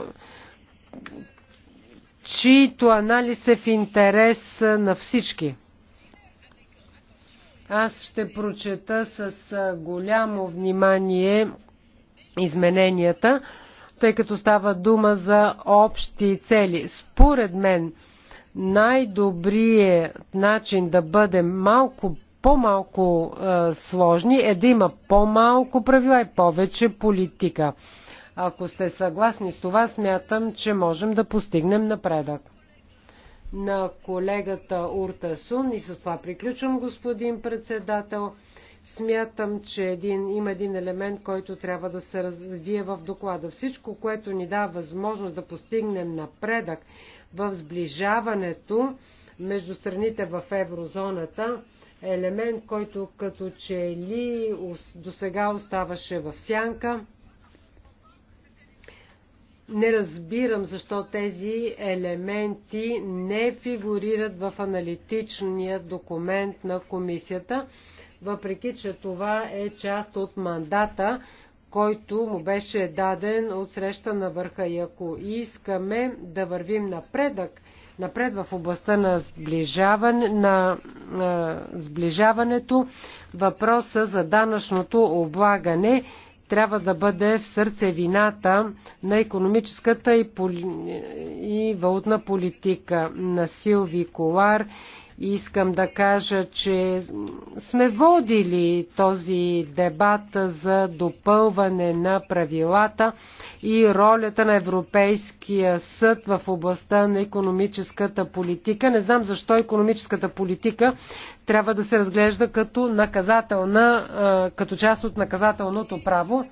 чието анализ е в интерес на всички. Аз ще прочета с голямо внимание измененията, тъй като става дума за общи цели. Според мен най-добрият начин да бъдем малко по-малко е, сложни е да има по-малко правила и повече политика. Ако сте съгласни с това, смятам, че можем да постигнем напредък на колегата Уртасун и с това приключвам, господин председател. Смятам, че един, има един елемент, който трябва да се развие в доклада. Всичко, което ни дава възможност да постигнем напредък в сближаването между страните в еврозоната, елемент, който като че ли до сега оставаше в сянка – не разбирам защо тези елементи не фигурират в аналитичния документ на комисията, въпреки че това е част от мандата, който му беше даден от среща на върха. И ако искаме да вървим напредък, напред в областта на, сближаване, на, на сближаването, въпроса за данъчното облагане трябва да бъде в сърцевината на економическата и, поли... и валутна политика на Силви Колар Искам да кажа, че сме водили този дебат за допълване на правилата и ролята на Европейския съд в областта на економическата политика. Не знам защо економическата политика трябва да се разглежда като наказателна, като част от наказателното право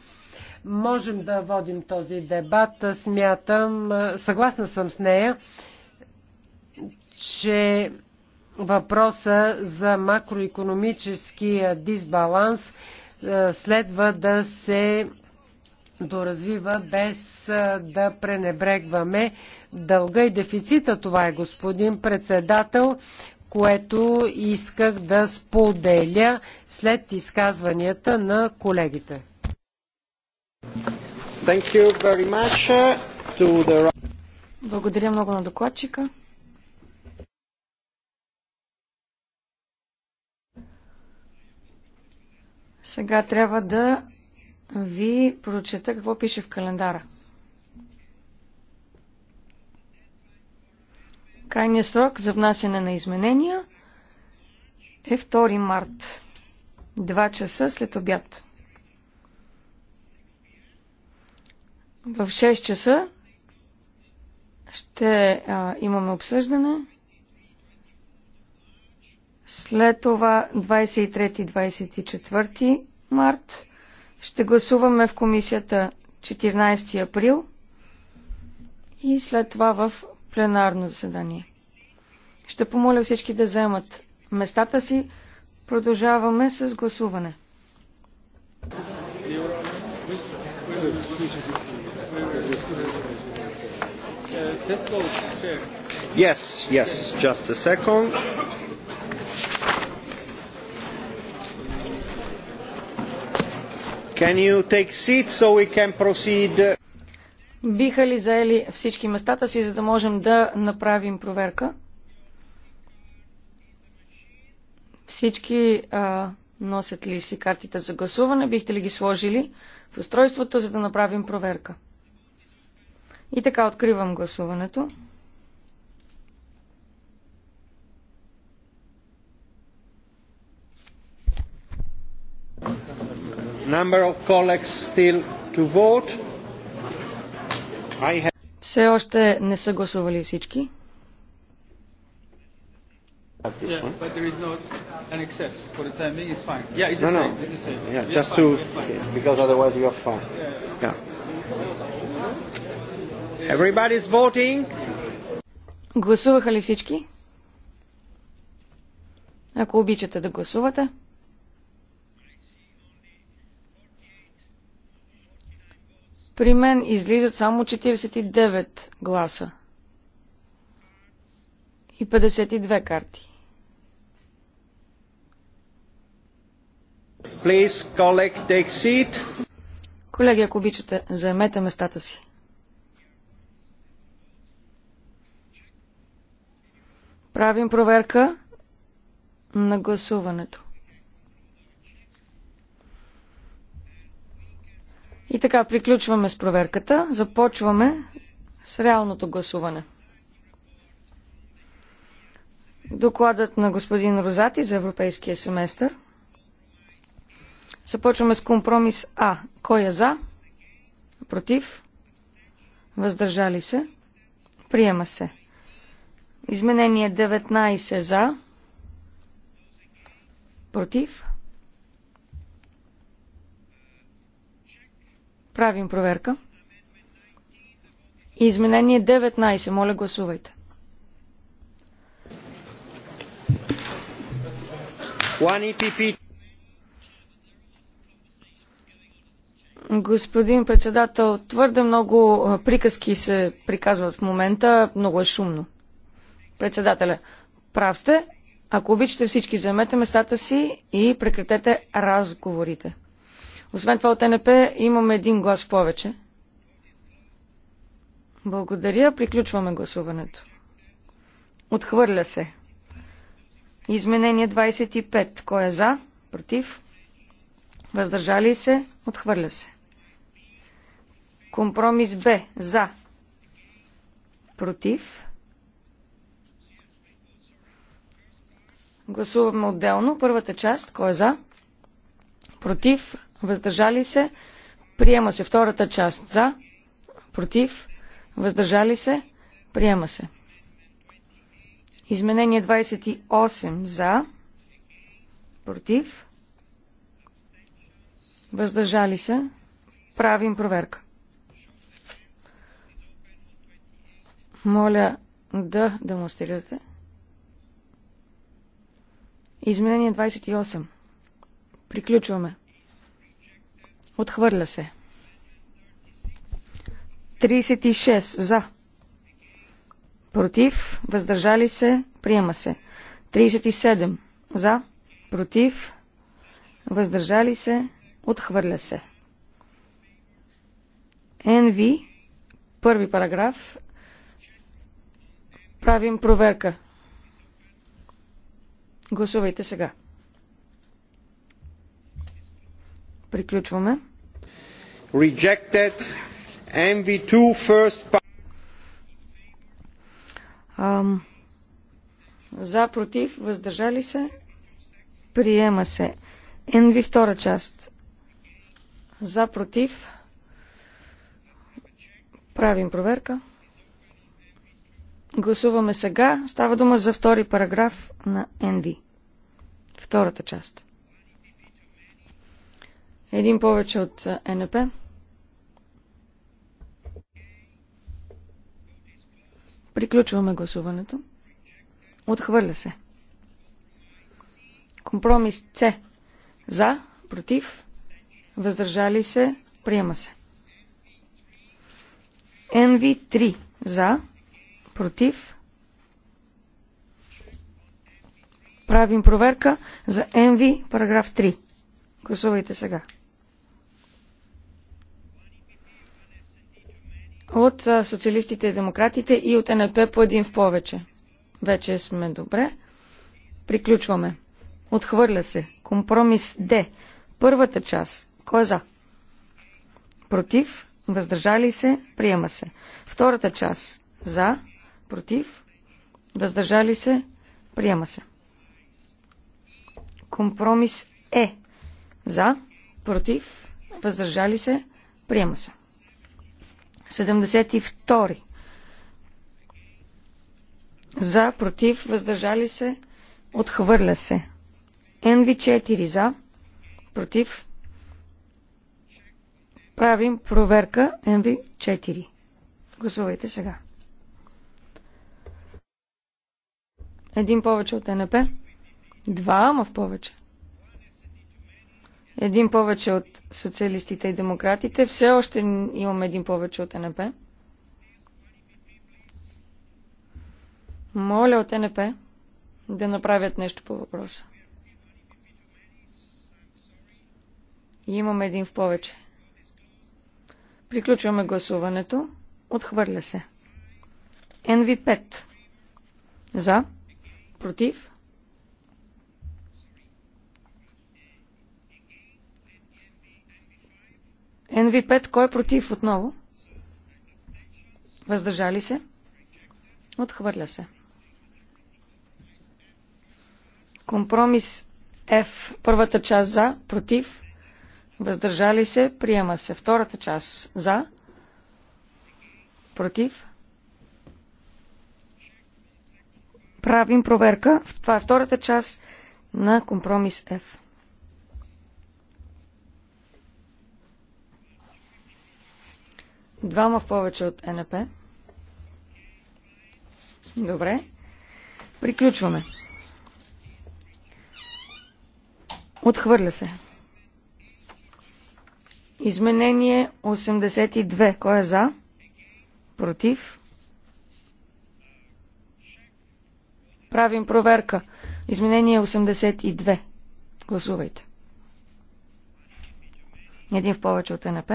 можем да водим този дебат. Смятам, съгласна съм с нея, че въпроса за макроекономическия дисбаланс е, следва да се доразвива без е, да пренебрегваме дълга и дефицита. Това е господин председател, което исках да споделя след изказванията на колегите. Благодаря много на докладчика. Сега трябва да ви прочета какво пише в календара. Крайният срок за внасяне на изменения е 2 март, 2 часа след обяд. В 6 часа ще а, имаме обсъждане. След това 23-24 март ще гласуваме в комисията 14 април и след това в пленарно заседание. Ще помоля всички да вземат местата си. Продължаваме с гласуване. Yes, yes, just a second. Can you take so we can proceed? Биха ли заели всички местата си, за да можем да направим проверка? Всички а, носят ли си картите за гласуване? Бихте ли ги сложили в устройството, за да направим проверка? И така откривам гласуването. Все още не са гласували всички. Гласуваха ли всички? Ако обичате да гласувате. При мен излизат само 49 гласа и 52 карти. Please, collect, take seat. Колеги, ако обичате, заемете местата си. Правим проверка на гласуването. И така, приключваме с проверката. Започваме с реалното гласуване. Докладът на господин Розати за европейския семестър. Започваме с компромис А. Кой е за? Против? Въздържали се? Приема се. Изменение 19 за. Против? Правим проверка. Изменение 19. Моля, гласувайте. E Господин председател, твърде много приказки се приказват в момента. Много е шумно. Председателя, прав сте. Ако обичате всички, заемете местата си и прекратете разговорите. Освен това от НП имаме един глас повече. Благодаря. Приключваме гласуването. Отхвърля се. Изменение 25. Кой е за? Против? Въздържали се? Отхвърля се. Компромис Б. За. Против? Гласуваме отделно. Първата част. Кой е за? Против? въздържали се, приема се. Втората част за, против, въздържали се, приема се. Изменение 28 за, против, въздържали се, правим проверка. Моля да демонстрирате. Изменение 28. Приключваме. Отхвърля се. 36 за. Против. Въздържали се. Приема се. 37 за. Против. Въздържали се. Отхвърля се. НВ. Първи параграф. Правим проверка. Гласувайте сега. Приключваме. Rejected MV2 first part. Um, за, против, въздържали се. Приема се. NV втора част. За, против. Правим проверка. Гласуваме сега. Става дума за втори параграф на NV. Втората част. Един повече от НП. Приключваме гласуването. Отхвърля се. Компромис С. За, против, въздържали се, приема се. НВ3. За, против. Правим проверка за НВ параграф 3. Гласувайте сега. от социалистите и демократите и от НП по един в повече. Вече сме добре. Приключваме. Отхвърля се. Компромис Д. Първата част. Кой е за? Против. Въздържали се. Приема се. Втората част. За. Против. Въздържали се. Приема се. Компромис Е. За. Против. Въздържали се. Приема се. 72. За, против, въздържали се, отхвърля се. NV4 за, против. Правим проверка NV4. Гласувайте сега. Един повече от НП. Два, ама в повече един повече от социалистите и демократите. Все още имаме един повече от НП. Моля от НП да направят нещо по въпроса. И имаме един в повече. Приключваме гласуването. Отхвърля се. NV5. За. Против. NV5, кой е против отново? Въздържали се? Отхвърля се. Компромис F. Първата част за, против. Въздържали се, приема се. Втората част за, против. Правим проверка. Това е втората част на компромис F. Двама в повече от НП. Добре. Приключваме. Отхвърля се. Изменение 82. Кой е за? Против? Правим проверка. Изменение 82. Гласувайте. Един в повече от НП.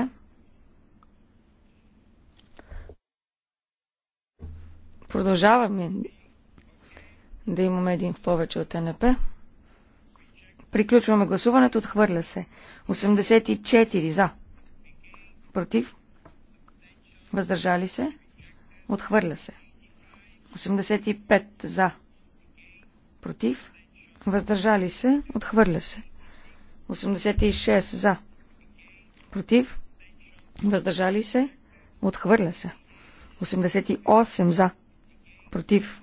Продължаваме да имаме един в повече от НП. Приключваме гласуването. Отхвърля се. 84 за. Против. Въздържали се. Отхвърля се. 85 за. Против. Въздържали се. Отхвърля се. 86 за. Против. Въздържали се. Отхвърля се. 88 за против,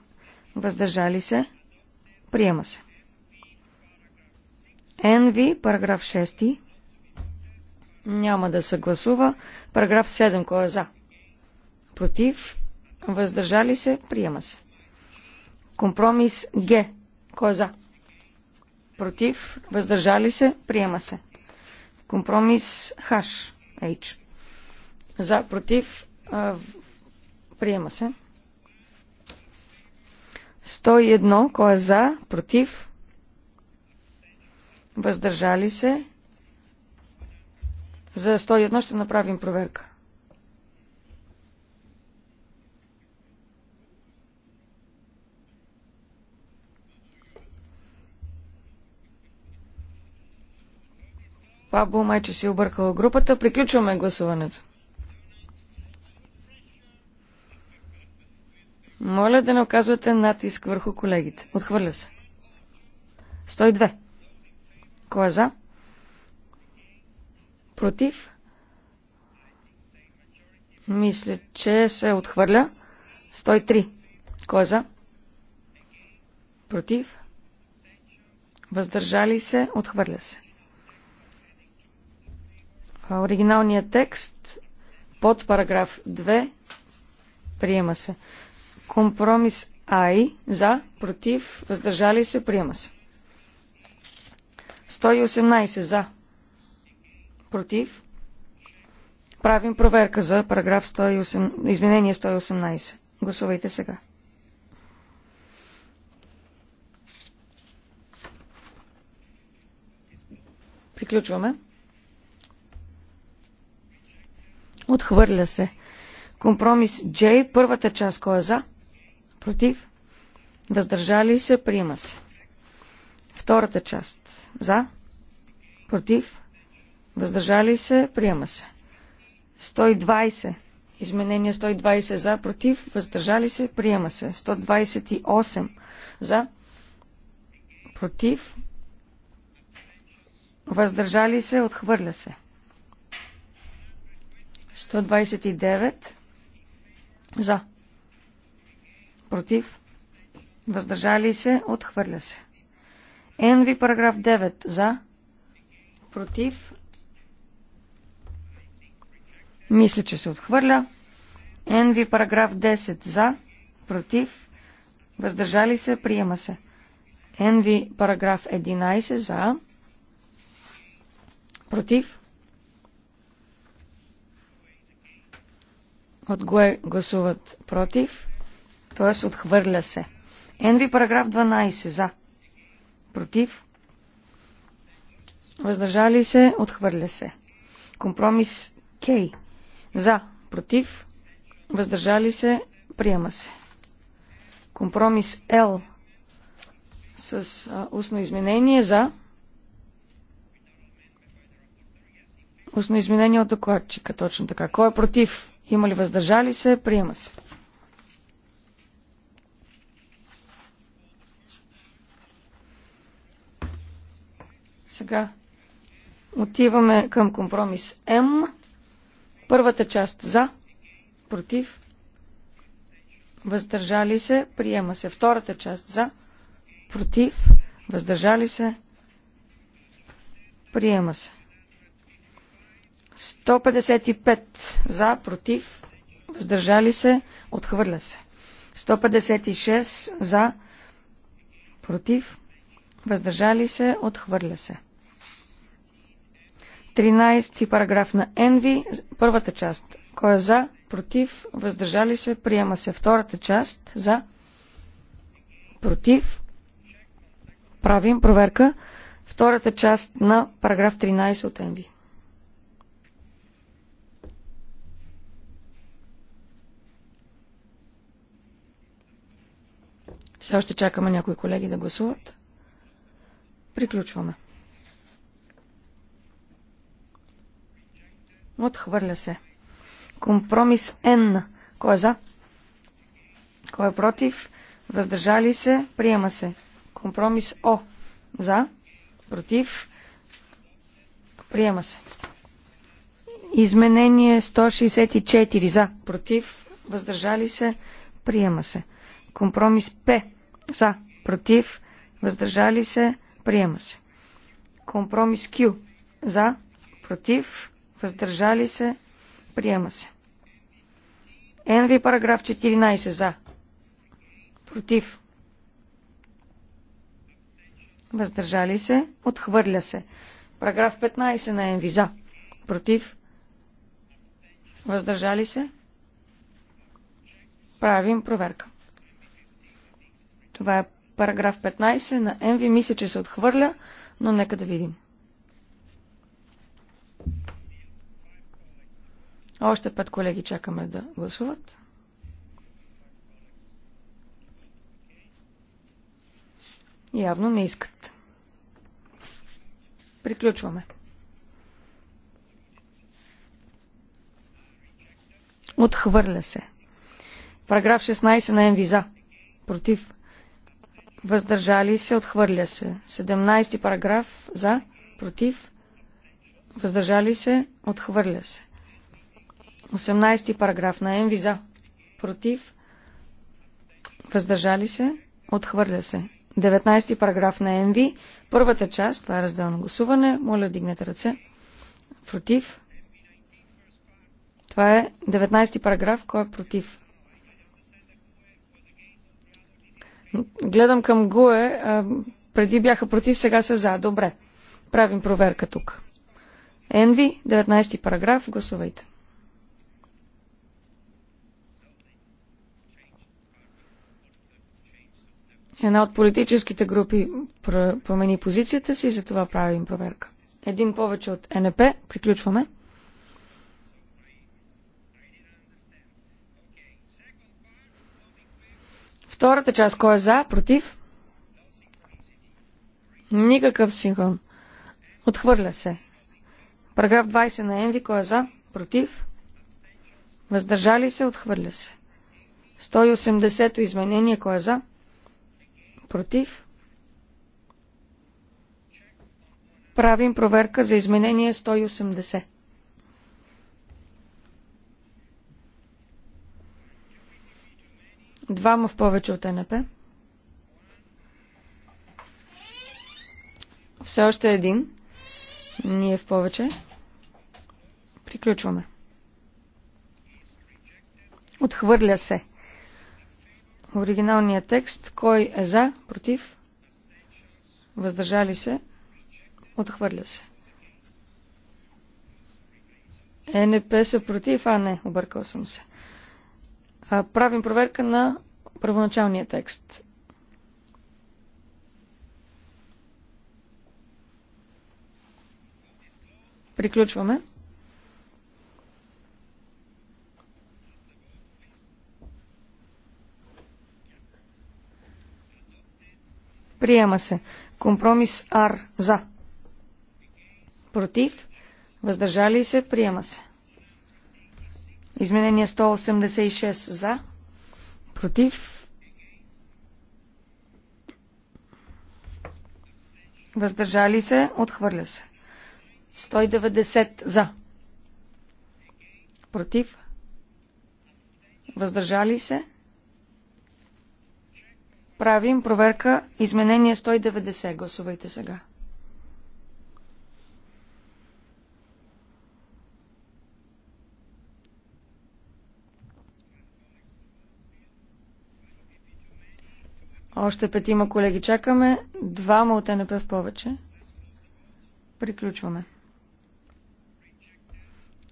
въздържали се, приема се. НВ, параграф 6, няма да се гласува. Параграф 7, кой е за? Против, въздържали се, приема се. Компромис Г, кой е за? Против, въздържали се, приема се. Компромис Х, H. За, против, приема се. 101. Кой е за? Против? Въздържали се? За 101 ще направим проверка. Пабло майче си е объркала групата. Приключваме гласуването. Моля да не оказвате натиск върху колегите. Отхвърля се. 102. Кой е за? Против? Мисля, че се отхвърля. 103. Кой е за? Против? Въздържали се? Отхвърля се. Оригиналният текст под параграф 2 приема се. Компромис Ай за, против, въздържали се, приема се. 118 за, против. Правим проверка за параграф 108, изменение 118. Гласувайте сега. Приключваме. Отхвърля се. Компромис J, първата част, кой е за? Против? Въздържали се? Приема се. Втората част. За? Против? Въздържали се? Приема се. 120. Изменение 120 за, против, въздържали се, приема се. 128 за, против, въздържали се, отхвърля се. 129 за, против, въздържали се, отхвърля се. Енви параграф 9 за, против, мисля, че се отхвърля. Енви параграф 10 за, против, въздържали се, приема се. Енви параграф 11 за, против, от гласуват против т.е. отхвърля се. Енви параграф 12 за. Против. Въздържали се, отхвърля се. Компромис К. За. Против. Въздържали се, приема се. Компромис Л с а, устно изменение за устно изменение от докладчика, точно така. Кой е против? Има ли въздържали се? Приема се. Сега отиваме към компромис М. Първата част за, против, въздържали се, приема се. Втората част за, против, въздържали се, приема се. 155 за, против, въздържали се, отхвърля се. 156 за, против, въздържали се, отхвърля се. 13 параграф на Енви, първата част. Кой е за, против, въздържали се, приема се. Втората част за, против, правим проверка. Втората част на параграф 13 от Енви. Все още чакаме някои колеги да гласуват. Приключваме. Отхвърля се. Компромис Н. Кой е за? Кой е против? Въздържали се? Приема се. Компромис О. За? Против? Приема се. Изменение 164. За? Против? Въздържали се? Приема се. Компромис П. За? Против? Въздържали се? Приема се. Компромис Q. За? Против? въздържали се, приема се. Енви параграф 14 за, против, въздържали се, отхвърля се. Параграф 15 на Енви за, против, въздържали се, правим проверка. Това е параграф 15 на Енви. мисля, че се отхвърля, но нека да видим. Още пет колеги чакаме да гласуват. Явно не искат. Приключваме. Отхвърля се. Параграф 16 на МВИЗА. Против. Въздържали се. Отхвърля се. 17 параграф. За. Против. Въздържали се. Отхвърля се. 18 параграф на Енви за. Против. Въздържали се. Отхвърля се. 19 параграф на Енви. Първата част, това е разделно гласуване. Моля, дигнете ръце. Против. Това е 19 параграф. Кой е против? Гледам към Гуе. Преди бяха против, сега са за. Добре. Правим проверка тук. Енви, 19 параграф. Гласувайте. Една от политическите групи промени позицията си и за това правим проверка. Един повече от НП. Приключваме. Втората част, кой е за, против? Никакъв синхрон. Отхвърля се. Параграф 20 на Енви, кой е за, против? Въздържали се, отхвърля се. 180-то изменение, кой е за? Против? Правим проверка за изменение 180. Двама в повече от НП. Все още един. Ние в повече. Приключваме. Отхвърля се. Оригиналния текст. Кой е за? Против? Въздържали се? Отхвърля се. Е ЕНП са против, а не, объркал съм се. А, правим проверка на първоначалния текст. Приключваме. Приема се. Компромис Ар за. Против. Въздържали се. Приема се. Изменение 186 за. Против. Въздържали се. Отхвърля се. 190 за. Против. Въздържали се правим проверка изменение 190. Гласувайте сега. Още петима колеги чакаме. Двама от НП в повече. Приключваме.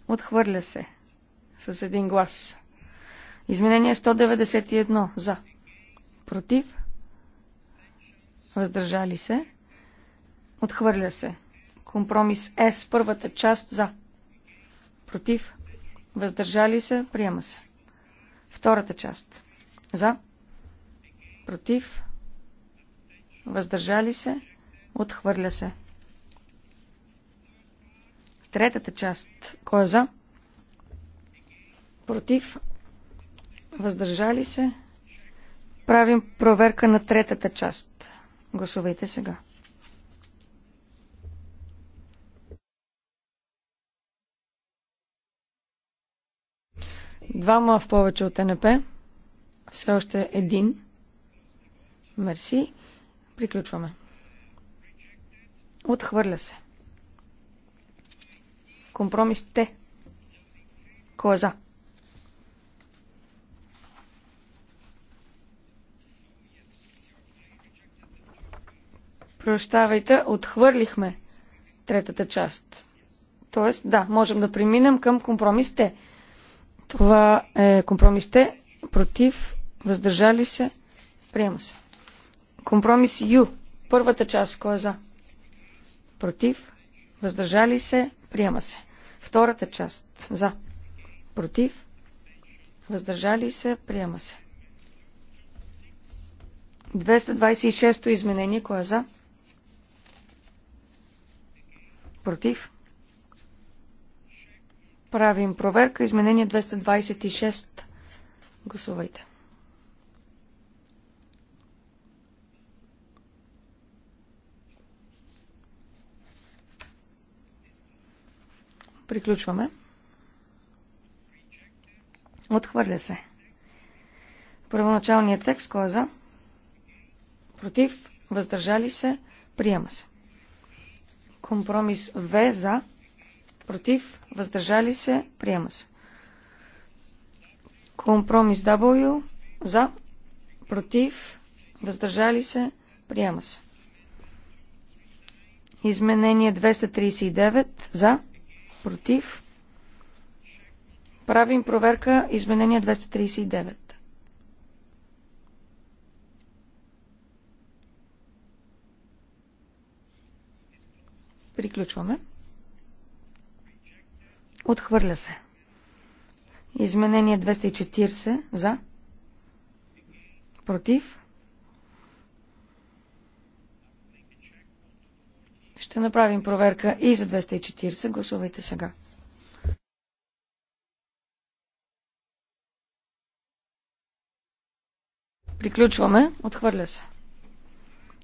Отхвърля се. С един глас. Изменение 191. За против, въздържали се, отхвърля се. Компромис С, първата част за, против, въздържали се, приема се. Втората част за, против, въздържали се, отхвърля се. Третата част, кой е за? Против, въздържали се, правим проверка на третата част. Гласувайте сега. Двама в повече от НП. Все още един. Мерси. Приключваме. Отхвърля се. Компромис Т. Коза. е Прощавайте, отхвърлихме третата част. Тоест, да, можем да преминем към компромисте. Това е компромисте против, въздържали се, приема се. Компромис Ю. Първата част, кой е за? Против, въздържали се, приема се. Втората част, за. Против, въздържали се, приема се. 226-то изменение, кое е за? Против? Правим проверка. Изменение 226. Гласувайте. Приключваме. Отхвърля се. Първоначалният текст, кой е за? Против? Въздържали се? Приема се. Компромис В за, против, въздържали се, приема се. Компромис W за, против, въздържали се, приема се. Изменение 239 за, против. Правим проверка изменение 239. Приключваме. Отхвърля се. Изменение 240 за. Против. Ще направим проверка и за 240. Гласувайте сега. Приключваме. Отхвърля се.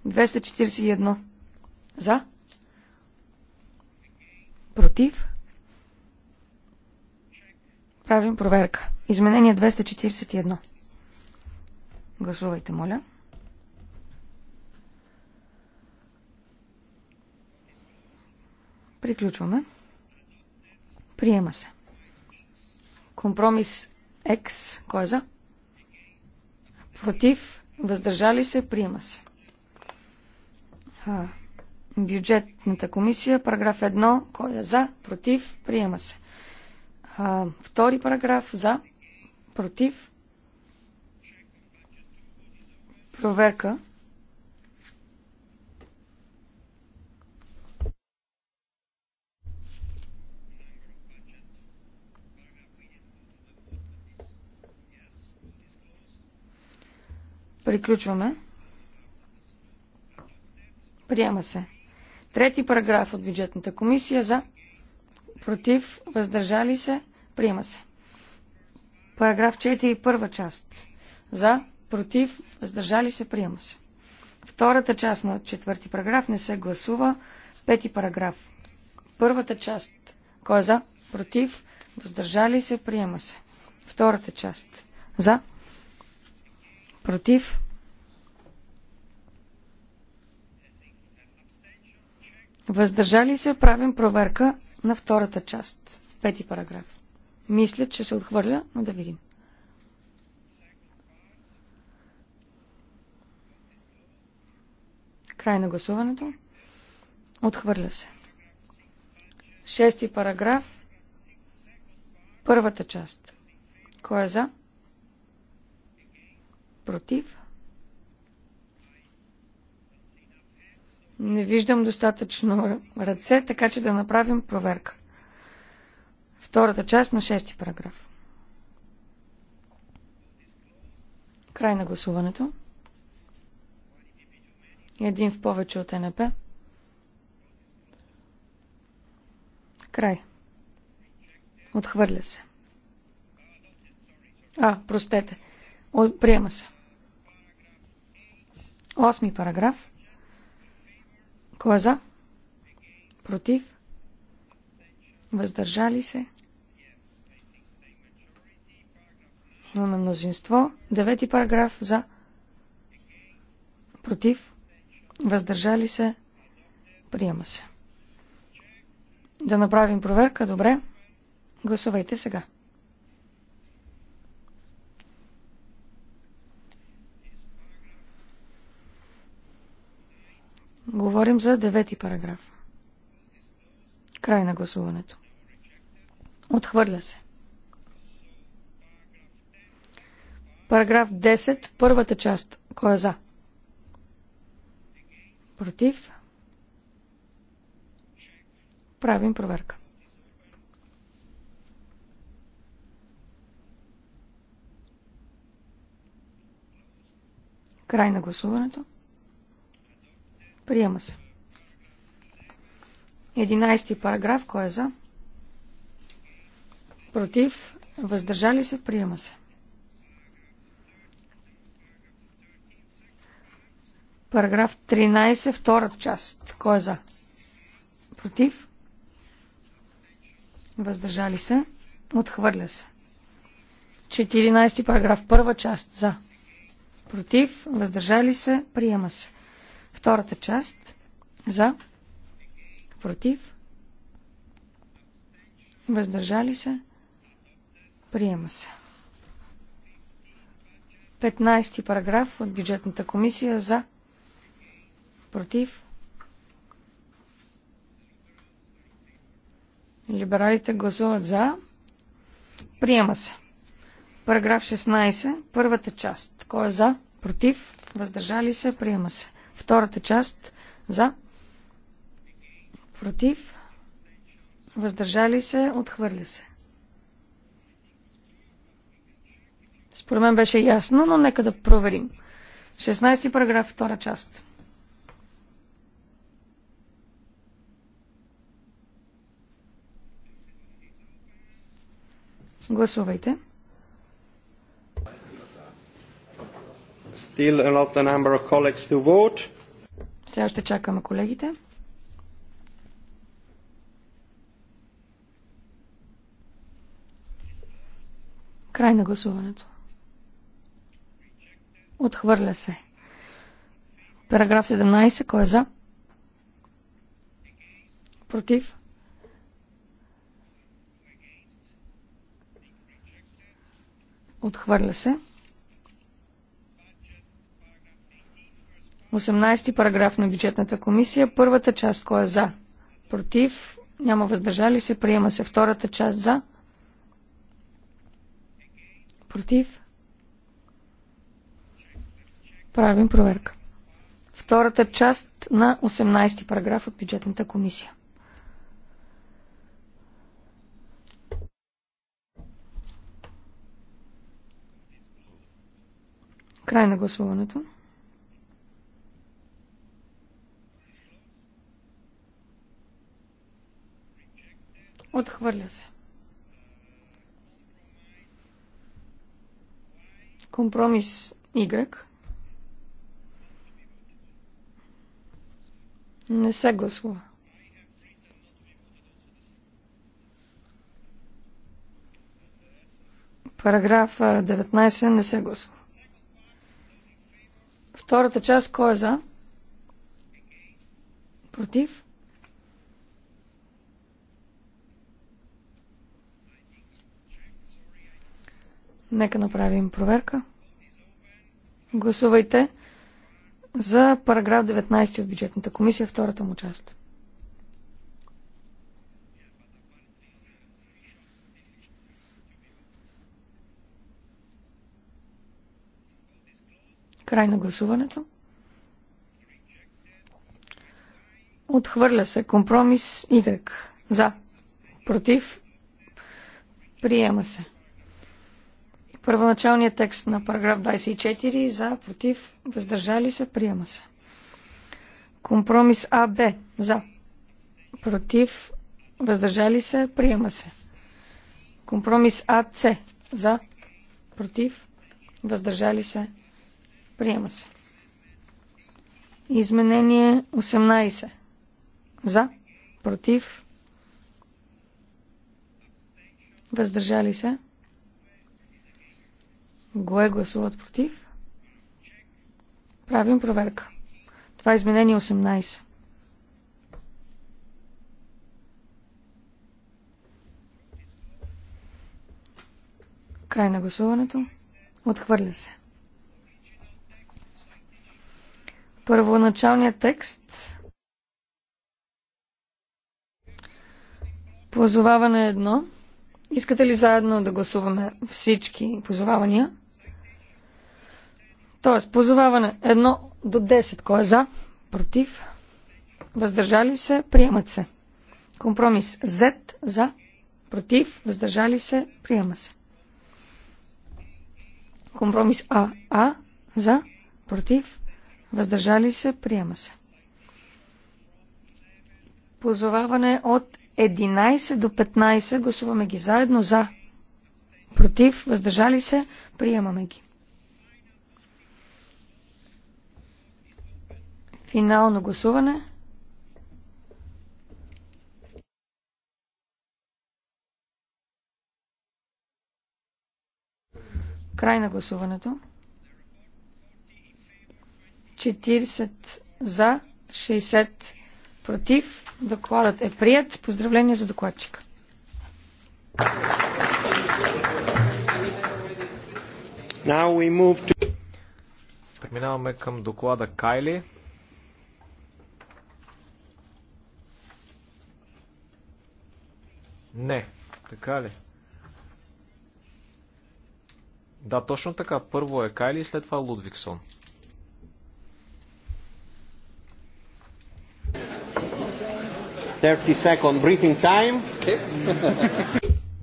241. За против. Правим проверка. Изменение 241. Гласувайте, моля. Приключваме. Приема се. Компромис X. Кой е за? Против. Въздържали се. Приема се бюджетната комисия, параграф 1, кой е за, против, приема се. А, втори параграф, за, против, проверка. Приключваме. Приема се. Трети параграф от бюджетната комисия за, против, въздържали се, приема се. Параграф 4, първа част. За, против, въздържали се, приема се. Втората част на четвърти параграф не се гласува. Пети параграф. Първата част. Кой е за? Против. Въздържали се. Приема се. Втората част. За. Против. Въздържали се, правим проверка на втората част. Пети параграф. Мисля, че се отхвърля, но да видим. Край на гласуването. Отхвърля се. Шести параграф. Първата част. Кой е за? Против? Не виждам достатъчно ръце, така че да направим проверка. Втората част на шести параграф. Край на гласуването. Един в повече от НП. Край. Отхвърля се. А, простете. Приема се. Осми параграф. Кой е за? Против? Въздържали се? Имаме мнозинство. Девети параграф за. Против? Въздържали се? Приема се. Да направим проверка, добре? Гласувайте сега. Говорим за девети параграф. Край на гласуването. Отхвърля се. Параграф 10, първата част. Кой е за? Против? Правим проверка. Край на гласуването. Приема се. 11 параграф. Кой е за? Против. Въздържали се. Приема се. Параграф 13, втора част. Кой е за? Против? Въздържали се? Отхвърля се. 14 параграф, първа част. За. Против? Въздържали се? Приема се. Втората част за, против, въздържали се, приема се. 15 параграф от бюджетната комисия за, против, Либералите гласуват за. Приема се. Параграф 16, първата част. Кой е за? Против? Въздържали се? Приема се. Втората част за. Против. Въздържали се. Отхвърля се. Според мен беше ясно, но нека да проверим. 16 параграф, втора част. Гласувайте. Still a lot the number of colleagues to vote. Все още чакаме колегите. Край на гласуването. Отхвърля се. Параграф 17. Кой е за? Против? Отхвърля се. 18 параграф на бюджетната комисия. Първата част, кой е за? Против? Няма въздържали се. Приема се втората част за. Против? Правим проверка. Втората част на 18 параграф от бюджетната комисия. Край на гласуването. Отхвърля се. Компромис Y. Не се гласува. Параграф 19 не се гласува. Втората част кой е за? Против? Нека направим проверка. Гласувайте за параграф 19 от бюджетната комисия, втората му част. Край на гласуването. Отхвърля се компромис Y. За. Против. Приема се. Първоначалният текст на параграф 24 за, против, въздържали се, приема се. Компромис АБ за, против, въздържали се, приема се. Компромис АЦ за, против, въздържали се, приема се. Изменение 18 за, против, въздържали се, Гое гласуват против. Правим проверка. Това е изменение 18. Край на гласуването. Отхвърля се. Първоначалният текст Позоваване едно. Искате ли заедно да гласуваме всички позовавания? Тоест, позоваване 1 до 10. Кой е за? Против? Въздържали се? Приемат се. Компромис Z за? Против? Въздържали се? Приема се. Компромис А за? Против? Въздържали се? Приема се. Позоваване от 11 до 15. Гласуваме ги заедно за. Против? Въздържали се? Приемаме ги. Финално гласуване. Край на гласуването. 40 за, 60 против. Докладът е прият. Поздравление за докладчика. To... Преминаваме към доклада Кайли. Не. Така ли? Да, точно така. Първо е Кайли и след това Лудвиксон. Okay.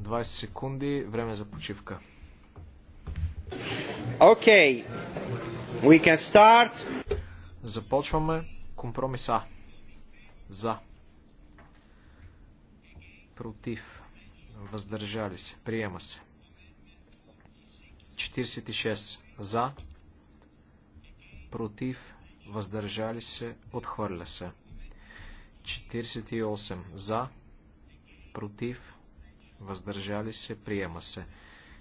20 секунди, време за почивка. Okay. We can start. Започваме компромиса. За против, въздържали се, приема се. 46 за, против, въздържали се, отхвърля се. 48 за, против, въздържали се, приема се.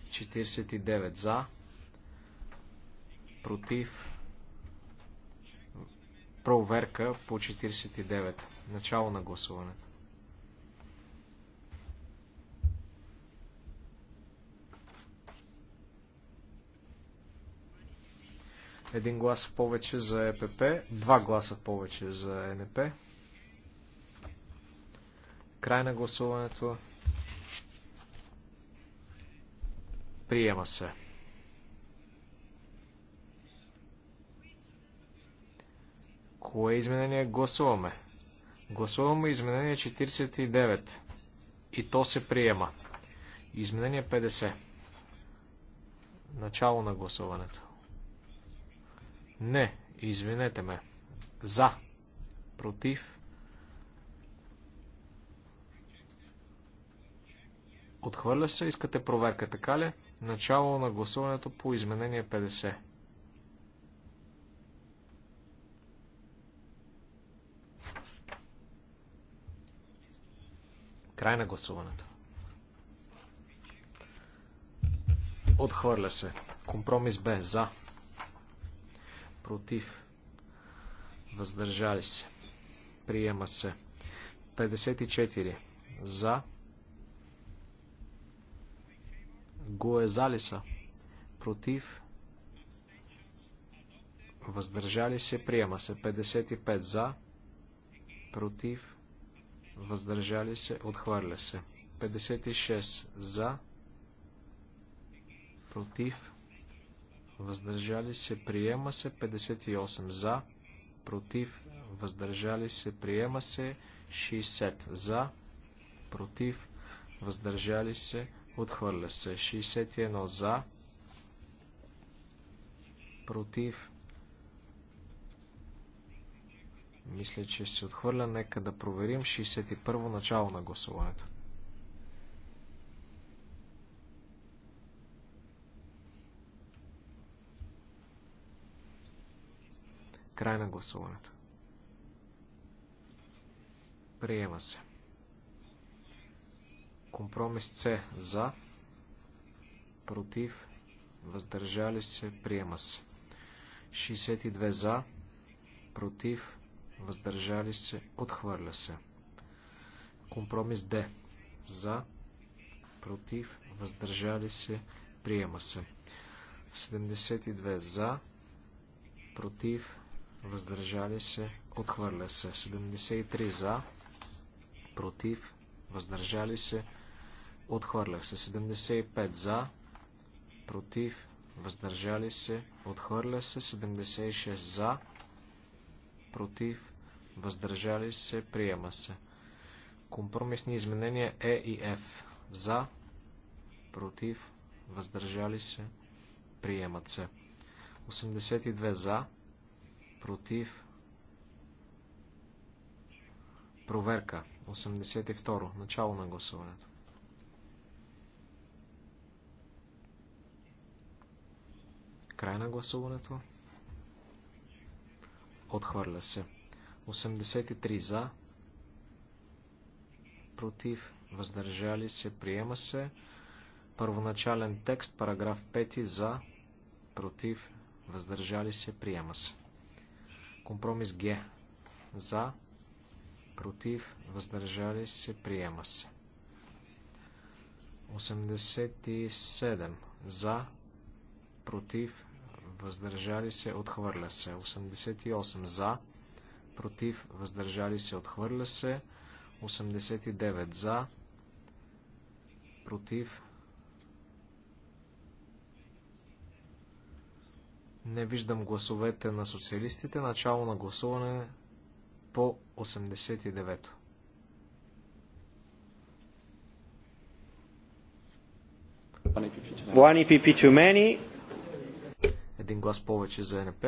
49 за, против, проверка по 49. Начало на гласуването. Един глас повече за ЕПП, два гласа повече за НП. Край на гласуването. Приема се. Кое изменение гласуваме? Гласуваме изменение 49. И то се приема. Изменение 50. Начало на гласуването. Не, извинете ме. За. Против. Отхвърля се, искате проверка, така ли? Начало на гласуването по изменение 50. Край на гласуването. Отхвърля се. Компромис Б. За против, въздържали се, приема се. 54 за, го е са, против, въздържали се, приема се. 55 за, против, въздържали се, отхвърля се. 56 за, против, въздържали се, приема се 58 за, против, въздържали се, приема се 60 за, против, въздържали се, отхвърля се 61 за, против, мисля, че се отхвърля, нека да проверим 61 начало на гласуването. Край на гласуването. Приема се. Компромис С за. Против. Въздържали се. Приема се. 62 за. Против. Въздържали се. Отхвърля се. Компромис Д. За. Против. Въздържали се. Приема се. 72 за. Против въздържали се, отхвърля се. 73 за, против, въздържали се, отхвърля се. 75 за, против, въздържали се, отхвърля се. 76 за, против, въздържали се, приема се. Компромисни изменения Е e и Ф. За, против, въздържали се, приемат се. 82 за, против. Проверка. 82. Начало на гласуването. Край на гласуването. Отхвърля се. 83 за. Против. Въздържали се. Приема се. Първоначален текст. Параграф 5 за. Против. Въздържали се. Приема се. Компромис Г. За, против, въздържали се, приема се. 87. За, против, въздържали се, отхвърля се. 88. За, против, въздържали се, отхвърля се. 89. За, против, Не виждам гласовете на социалистите. Начало на гласуване по 89-то. One EPP too many. Един глас повече за НП.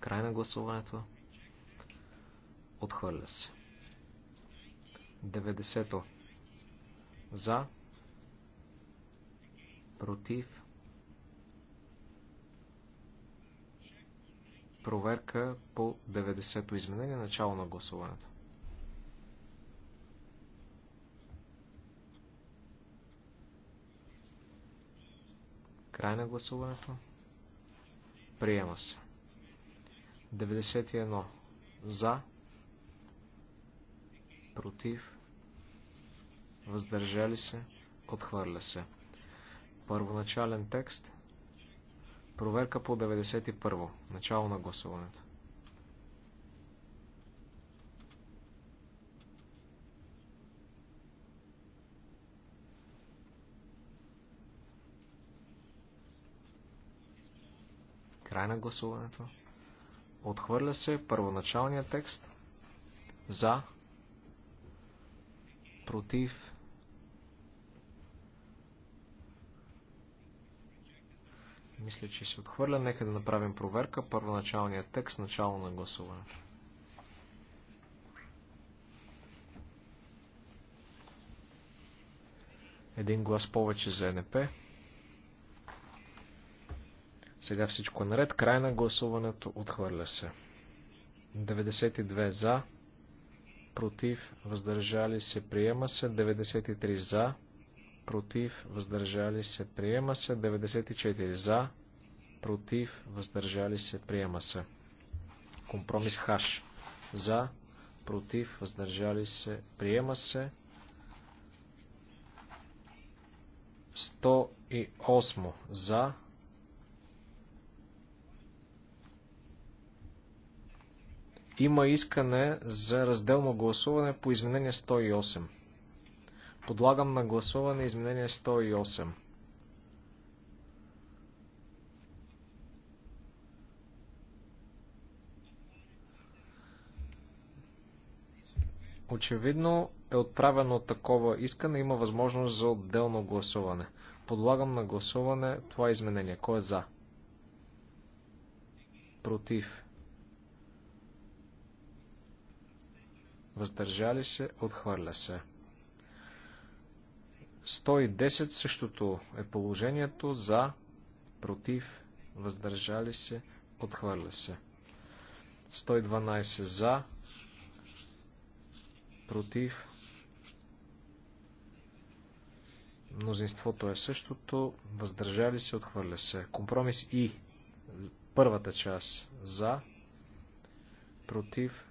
Край на гласуването. Отхвърля се. 90-то. За. Против. проверка по 90-то изменение, начало на гласуването. Край на гласуването. Приема се. 91. За. Против. Въздържали се. Отхвърля се. Първоначален текст. Проверка по 91. Начало на гласуването. Край на гласуването. Отхвърля се първоначалния текст. За. Против. Мисля, че се отхвърля. Нека да направим проверка. Първоначалният текст, начало на гласуване. Един глас повече за НП. Сега всичко е наред. Край на гласуването отхвърля се. 92 за, против, въздържали се, приема се. 93 за, против, въздържали се, приема се. 94 за, против, въздържали се, приема се. Компромис хаш. За, против, въздържали се, приема се. 108 за, Има искане за разделно гласуване по изменение 108. Подлагам на гласуване изменение 108. Очевидно е отправено такова искане, има възможност за отделно гласуване. Подлагам на гласуване това изменение. Кой е за? Против? Въздържали се? Отхвърля се. 110 същото е положението за, против, въздържали се, отхвърля се. 112 за, против, мнозинството е същото, въздържали се, отхвърля се. Компромис и първата част за, против,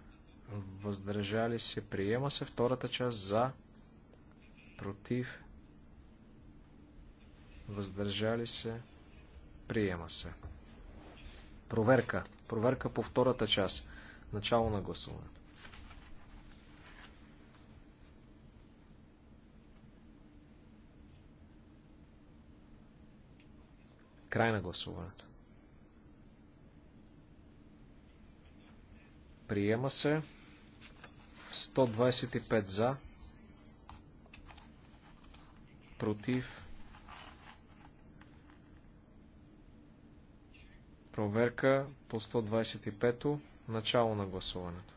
въздържали се, приема се, втората част за, против, въздържали се, приема се. Проверка. Проверка по втората част. Начало на гласуването. Край на гласуването. Приема се. 125 за. Против Проверка по 125-то. Начало на гласуването.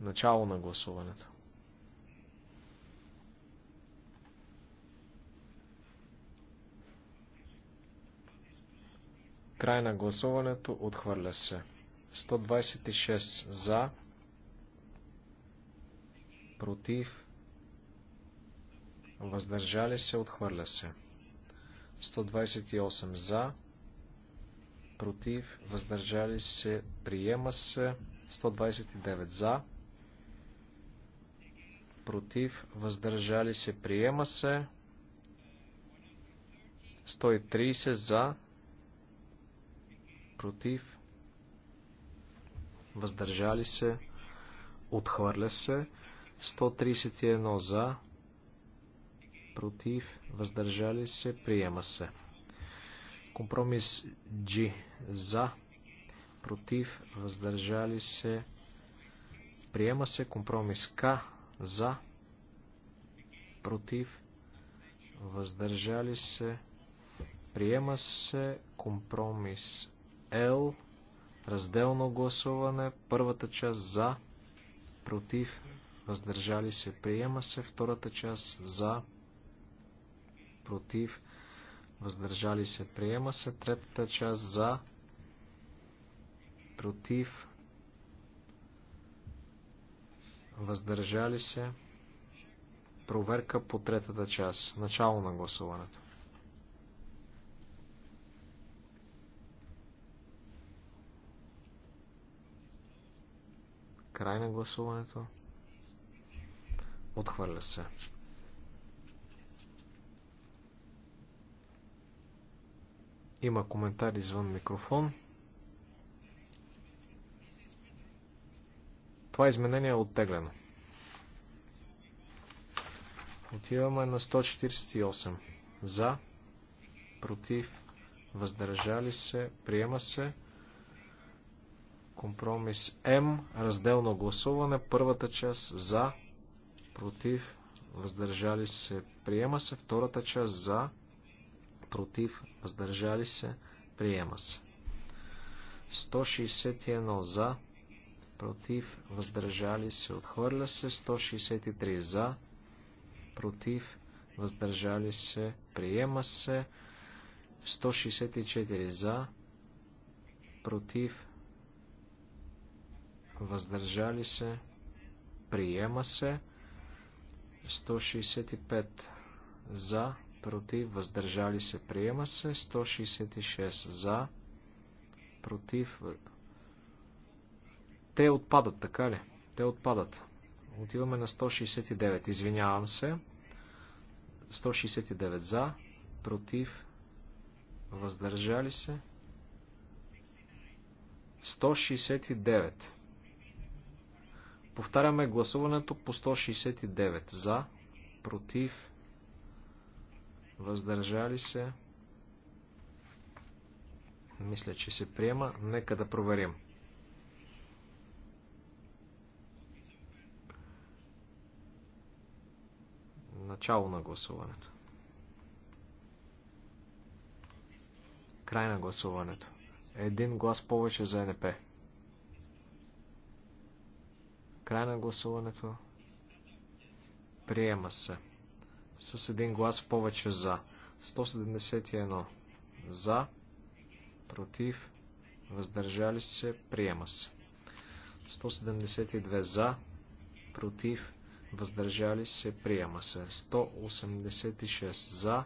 Начало на гласуването. Край на гласуването отхвърля се. 126 за, против въздържали се, отхвърля се. 128 за, против, въздържали се, приема се. 129 за, против, въздържали се, приема се. 130 за, против, въздържали се, отхвърля се. 131 за, против, въздържали се, приема се. Компромис G за, против, въздържали се, приема се. Компромис К за, против, въздържали се, приема се. Компромис L разделно гласуване, първата част за, против, въздържали се, приема се, втората част за, против, въздържали се, приема се. Третата част за, против, въздържали се. Проверка по третата част. Начало на гласуването. Край на гласуването. Отхвърля се. Има коментар извън микрофон. Това изменение е оттеглено. Отиваме на 148. За, против, въздържали се, приема се. Компромис М, разделно гласуване, първата част за, против, въздържали се, приема се, втората част за, против, въздържали се, приема се. 161 за, против, въздържали се, отхвърля се. 163 за, против, въздържали се, приема се. 164 за, против, въздържали се, приема се. 165 за, против, въздържали се, приема се. 166 за, против. Те отпадат, така ли? Те отпадат. Отиваме на 169. Извинявам се. 169 за, против, въздържали се. 169. Повтаряме гласуването по 169 за, против, въздържали се. Мисля, че се приема. Нека да проверим. Начало на гласуването. Край на гласуването. Един глас повече за НП. Край на гласуването. Приема се с един глас повече за. 171 за, против, въздържали се, приема се. 172 за, против, въздържали се, приема се. 186 за,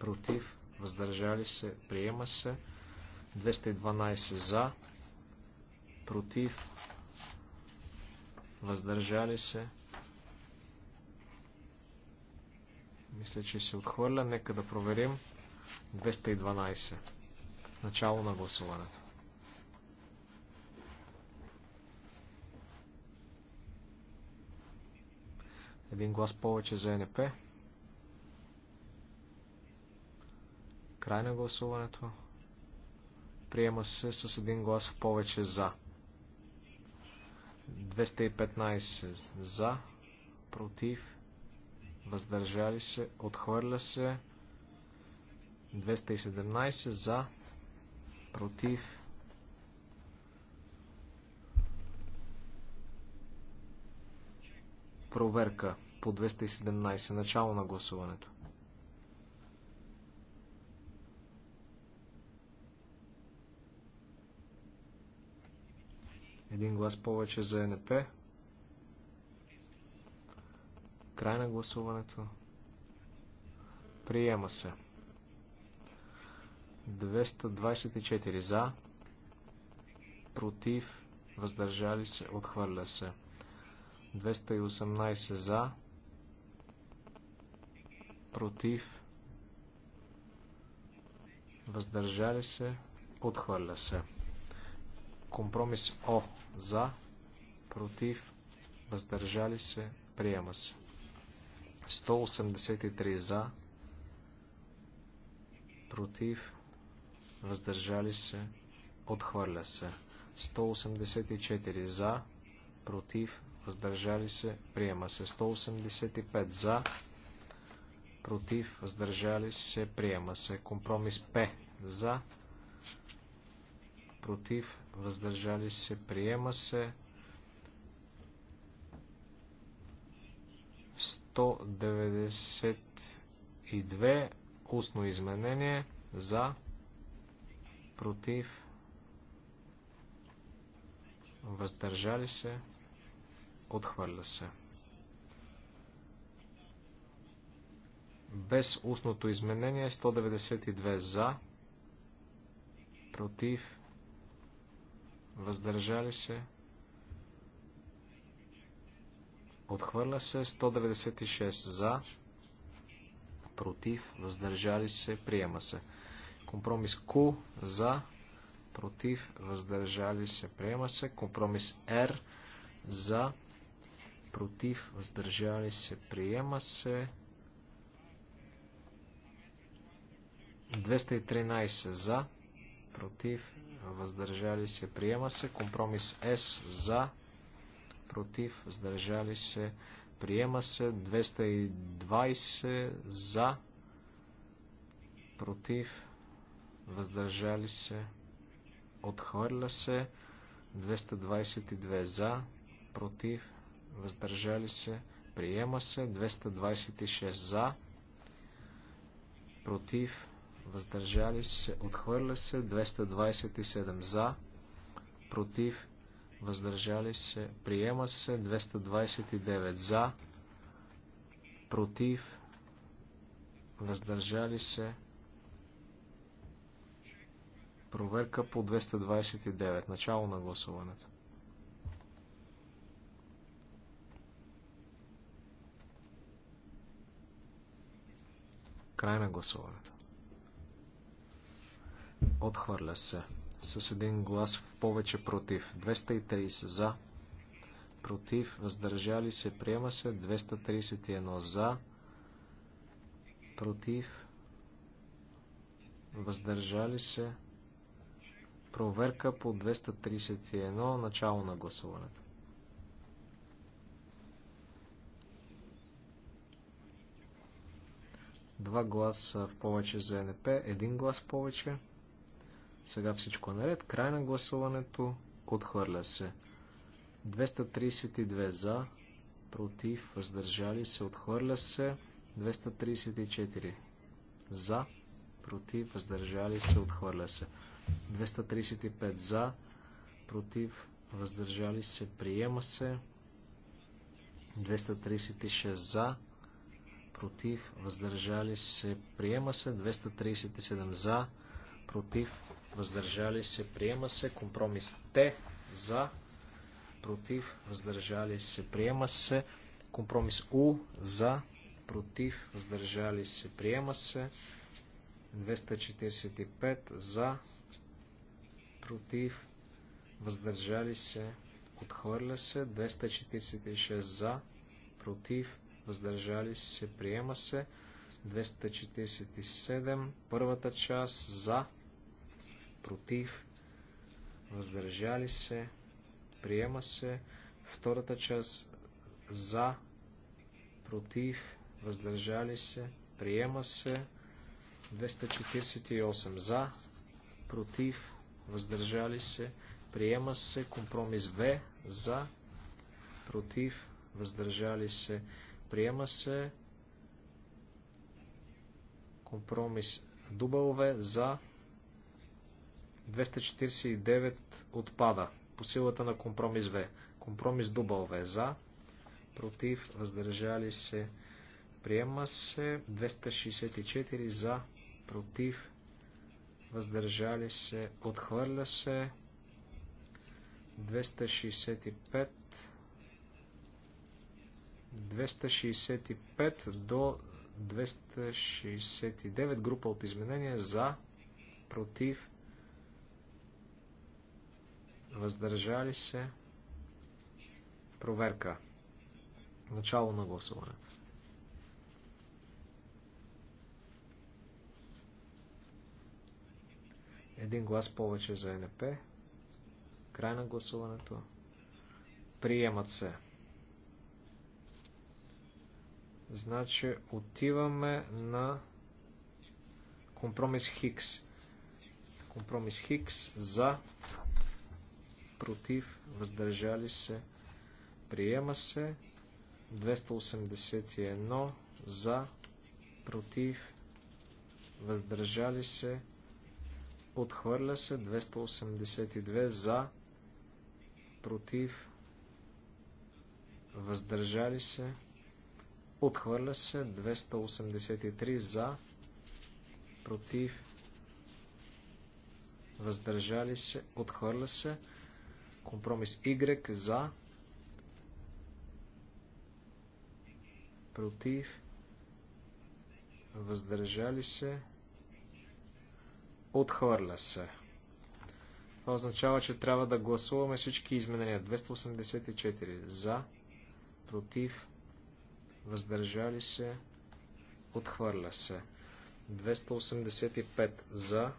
против, въздържали се, приема се. 212 за, против, въздържали се, Мисля, че се отхвърля. Нека да проверим. 212. Начало на гласуването. Един глас повече за НП. Край на гласуването. Приема се с един глас повече за. 215 за, против въздържали се, отхвърля се. 217 за, против. Проверка по 217, начало на гласуването. Един глас повече за НП. Край на гласуването. Приема се. 224 за. Против. Въздържали се. Отхвърля се. 218 за. Против. Въздържали се. Отхвърля се. Компромис О. За. Против. Въздържали се. Приема се. 183 за, против, въздържали се, отхвърля се. 184 за, против, въздържали се, приема се. 185 за, против, въздържали се, приема се. Компромис П за, против, въздържали се, приема се. 192 устно изменение за против въздържали се отхвърля се без устното изменение 192 за против въздържали се Отхвърля се 196 за, против, въздържали се, приема се. Компромис Q за, против, въздържали се, приема се. Компромис R за, против, въздържали се, приема се. 213 за, против, въздържали се, приема се. Компромис С за, против, против, въздържали се, приема се. 220 за, против, въздържали се, отхвърля се. 222 за, против, въздържали се, приема се. 226 за, против, въздържали се, отхвърля се. 227 за, против, въздържали се, приема се 229 за, против, въздържали се, проверка по 229, начало на гласуването. Край на гласуването. Отхвърля се с един глас в повече против. 230 за, против, въздържали се, приема се. 231 за, против, въздържали се. Проверка по 231, начало на гласуването. Два гласа в повече за НП, един глас в повече. Сега всичко е наред. Край на гласуването. Отхвърля се. 232 за, против, въздържали се, отхвърля се. 234 за, против, въздържали се, отхвърля се. 235 за, против, въздържали се, приема се. 236 за, против, въздържали се, приема се. 237 за, против, въздържали се, приема се. Компромис Т за, против, въздържали се, приема се. Компромис У за, против, въздържали се, приема се. 245 за, против, въздържали се, отхвърля се. 246 за, против, въздържали се, приема се. 247, първата част, за, против, въздържали се, приема се. Втората част за, против, въздържали се, приема се. 248 за, против, въздържали се, приема се. Компромис В за, против, въздържали се, приема се компромис W за, 249 отпада по силата на компромис В. Компромис дубъл В за, против, въздържали се, приема се 264 за, против, въздържали се, отхвърля се 265 265 до 269 група от изменения за, против, въздържали се, проверка. Начало на гласуването. Един глас повече за НП. Край на гласуването. Приемат се. Значи отиваме на компромис Хикс. Компромис Хикс за против, въздържали се, приема се. 281 за, против, въздържали се, отхвърля се. 282 за, против, въздържали се, отхвърля се. 283 за, против, въздържали се, отхвърля се. Компромис Y за. Против. Въздържали се. Отхвърля се. Това означава, че трябва да гласуваме всички изменения. 284 за, против, въздържали се, отхвърля се. 285 за,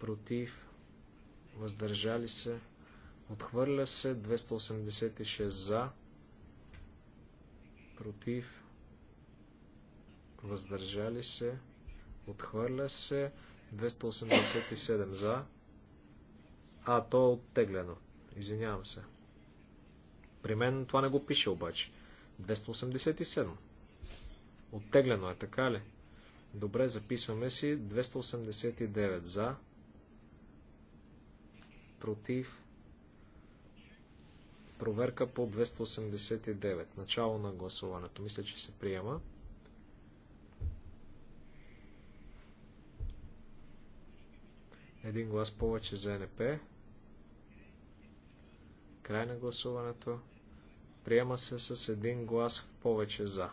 против, въздържали се, отхвърля се, 286 за, против, въздържали се, отхвърля се, 287 за, а, то е оттеглено, извинявам се. При мен това не го пише обаче. 287. Оттеглено е, така ли? Добре, записваме си 289 за, против. Проверка по 289. Начало на гласуването. Мисля, че се приема. Един глас повече за НП. Край на гласуването. Приема се с един глас повече за.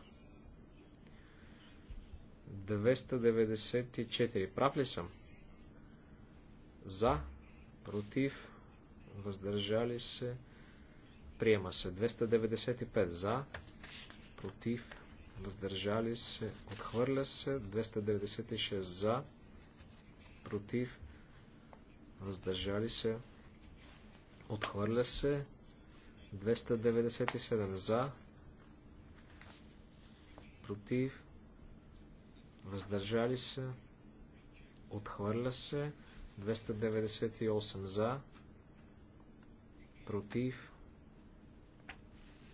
294. Прав ли съм? За против, въздържали се, приема се. 295 за, против, въздържали се, отхвърля се. 296 за, против, въздържали се, отхвърля се. 297 за, против, въздържали се, отхвърля се. 298 за, против,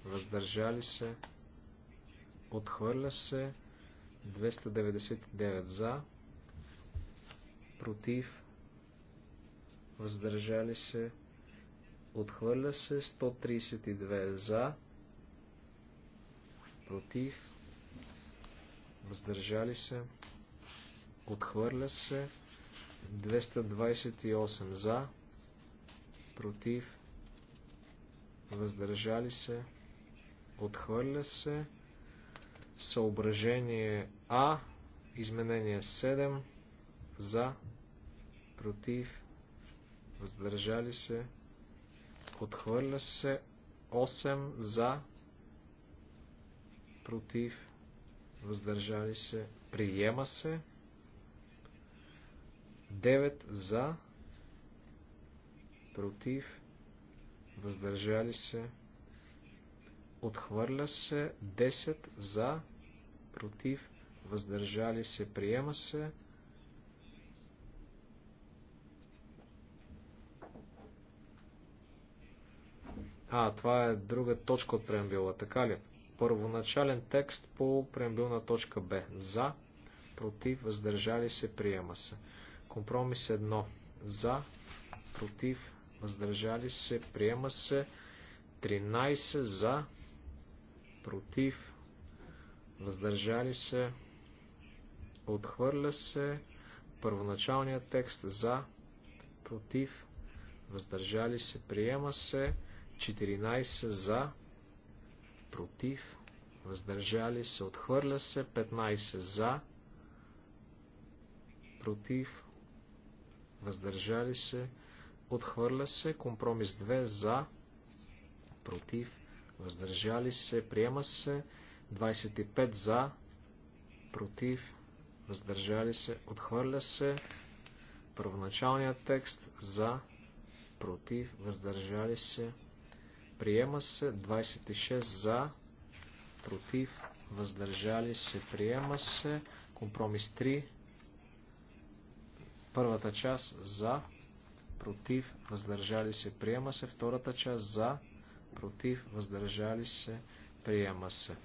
въздържали се, отхвърля се, 299 за, против, въздържали се, отхвърля се, 132 за, против, въздържали се, отхвърля се, 228 за, против, въздържали се, отхвърля се. Съображение А, изменение 7, за, против, въздържали се, отхвърля се. 8 за, против, въздържали се, приема се. 9 за, против, въздържали се, отхвърля се, 10 за, против, въздържали се, приема се. А, това е друга точка от преамбила, така ли? Първоначален текст по преамбилна точка Б. За, против, въздържали се, приема се. Компромис 1. За, против, въздържали се, приема се. 13 за, против, въздържали се, отхвърля се. Първоначалният текст за, против, въздържали се, приема се. 14 за, против, въздържали се, отхвърля се. 15 за, против, въздържали се, отхвърля се. Компромис 2 за, против, въздържали се, приема се. 25 за, против, въздържали се, отхвърля се. Първоначалният текст за, против, въздържали се, приема се. 26 за, против, въздържали се, приема се. Компромис 3 Първата част за, против, въздържали се, приема се. Втората част за, против, въздържали се, приема се.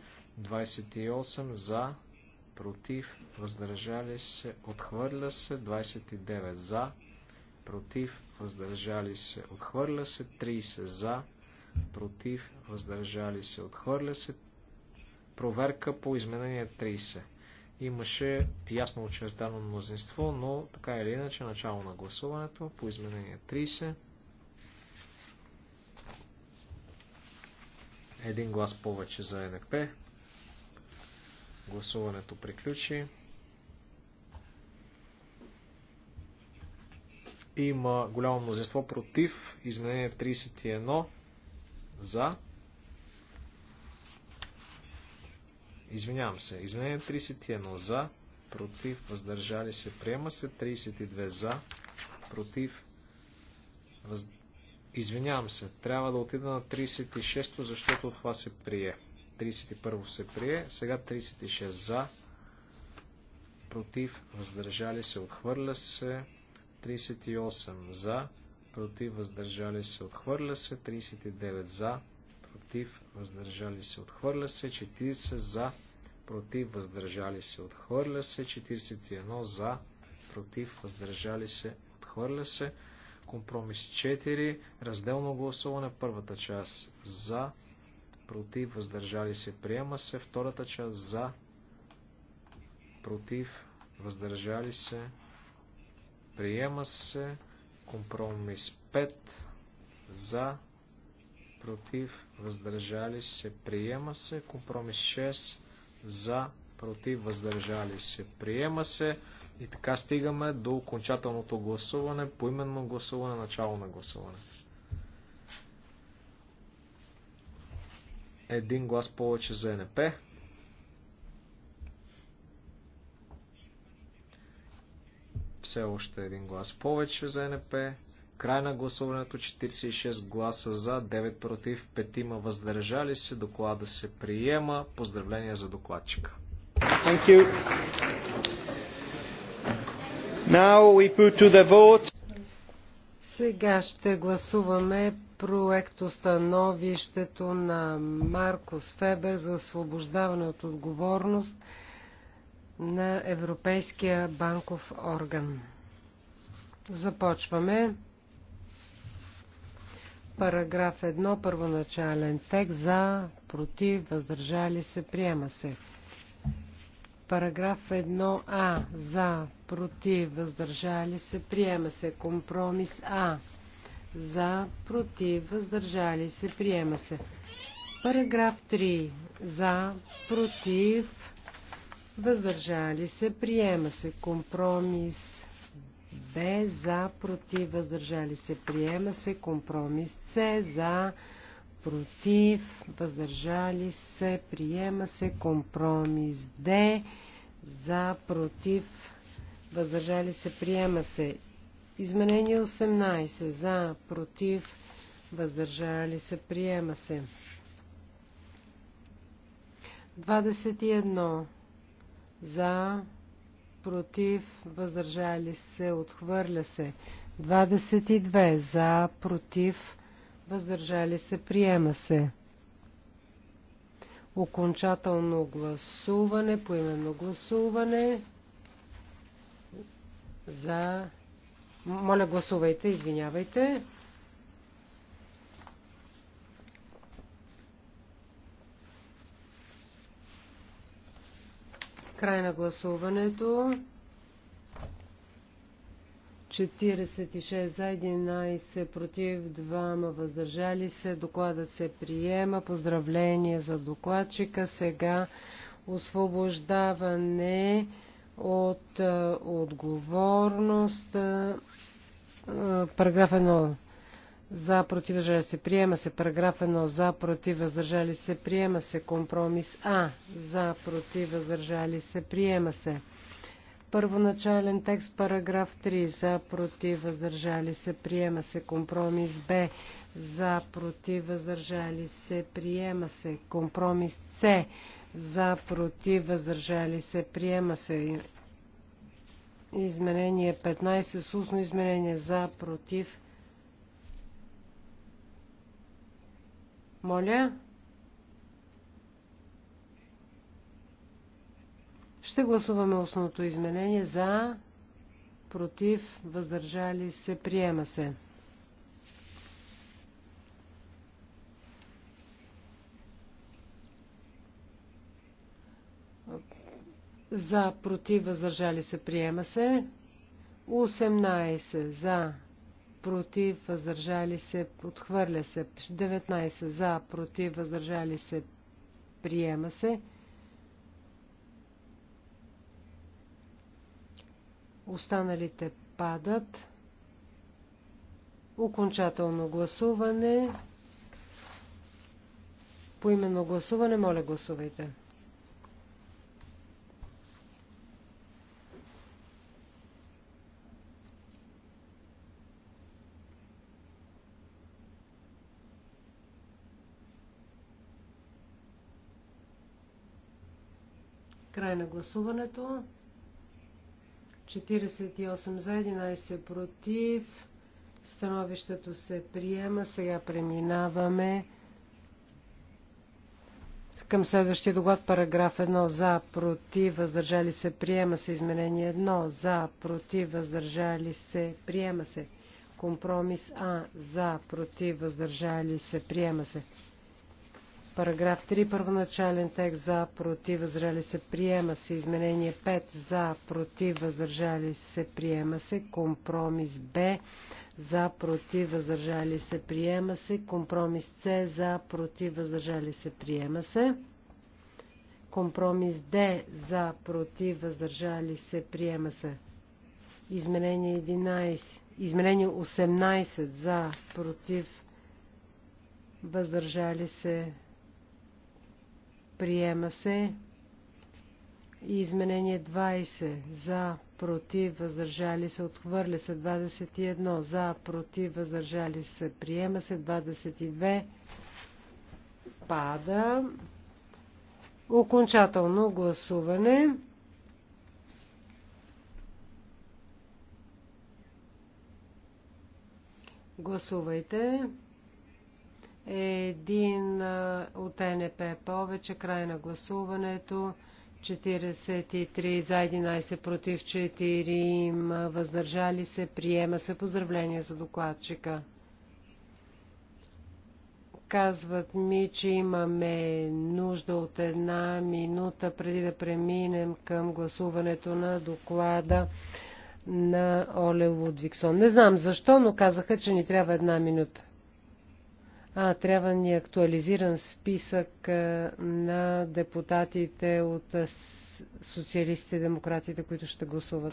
28 за, против, въздържали се, отхвърля се. 29 за, против, въздържали се, отхвърля се. 30 за, против, въздържали се, отхвърля се. Проверка по изменение 30. Имаше ясно очертано мнозинство, но така или иначе начало на гласуването по изменение 30. Един глас повече за НП. Гласуването приключи. Има голямо мнозинство против. Изменение 31 за. Извинявам се. Извинение 31 за, против, въздържали се, приема се. 32 за, против, въз... Извинявам се. Трябва да отида на 36, защото това се прие. 31 се прие. Сега 36 за, против, въздържали се, отхвърля се. 38 за, против, въздържали се, отхвърля се. 39 за, против, въздържали се, отхвърля се, 40 за, против, въздържали се, отхвърля се. 41 за, против, въздържали се, отхвърля се. Компромис 4, разделно гласуване, първата част за, против, въздържали се, приема се. Втората част за, против, въздържали се, приема се. Компромис 5 за, против, въздържали се, приема се. Компромис 6 за, против, въздържали се. Приема се. И така стигаме до окончателното гласуване, поименно гласуване, начало на гласуване. Един глас повече за НП. Все още един глас повече за НП. Край на гласуването 46 гласа за, 9 против, 5 има въздържали се. Доклада се приема. Поздравления за докладчика. Thank you. Now we put to the vote. Сега ще гласуваме проектостановището на Маркус Фебер за освобождаване от отговорност на Европейския банков орган. Започваме. Параграф 1, първоначален текст за, против, въздържали се, приема се. Параграф 1а за, против, въздържали се, приема се. Компромис А за, против, въздържали се, приема се. Параграф 3 за, против, въздържали се, приема се. Компромис Б за, против, въздържали се, приема се. Компромис С за, против, въздържали се, приема се. Компромис Д за, против, въздържали се, приема се. Изменение 18 за, против, въздържали се, приема се. 21 за, против, въздържали се, отхвърля се. 22 за, против, въздържали се, приема се. Окончателно гласуване, поименно гласуване. За. Моля, гласувайте, извинявайте. Край на гласуването. 46 за 11 против 2 въздържали се. Докладът се приема. Поздравление за докладчика. Сега освобождаване от отговорност. Параграф 1 за против въздържали се приема се параграф 1 за против въздържали се приема се компромис А за против въздържали се приема се първоначален текст параграф 3 за против въздържали се приема се компромис Б за против въздържали се приема се компромис С за против въздържали се приема се изменение 15 с устно изменение за против Моля. Ще гласуваме основното изменение за, против, въздържали се, приема се. За, против, въздържали се, приема се. 18 за, против, въздържали се, отхвърля се. 19 за, против, въздържали се, приема се. Останалите падат. Окончателно гласуване. По именно гласуване, моля гласувайте. Край на гласуването. 48 за 11 против. Становището се приема. Сега преминаваме към следващия доклад. Параграф 1 за против. Въздържали се. Приема се. Изменение 1 за против. Въздържали се. Приема се. Компромис А за против. Въздържали се. Приема се. Параграф 3. Първоначален текст за против възражали се приема се. Изменение 5 за против въздържали се приема се. Компромис Б за против въздържали се приема се. Компромис С за против въздържали се приема се. Компромис Д за против въздържали се приема се. Изменение 11. Изменение 18 за против въздържали се Приема се. Изменение 20. За, против, въздържали се. Отхвърля се 21. За, против, въздържали се. Приема се 22. Пада. Окончателно гласуване. Гласувайте. Един от НП повече. Край на гласуването. 43 за 11 против 4 въздържали се. Приема се поздравление за докладчика. Казват ми, че имаме нужда от една минута преди да преминем към гласуването на доклада на Оле Лудвиксон. Не знам защо, но казаха, че ни трябва една минута а, трябва ни актуализиран списък а, на депутатите от а, социалистите и демократите, които ще гласуват.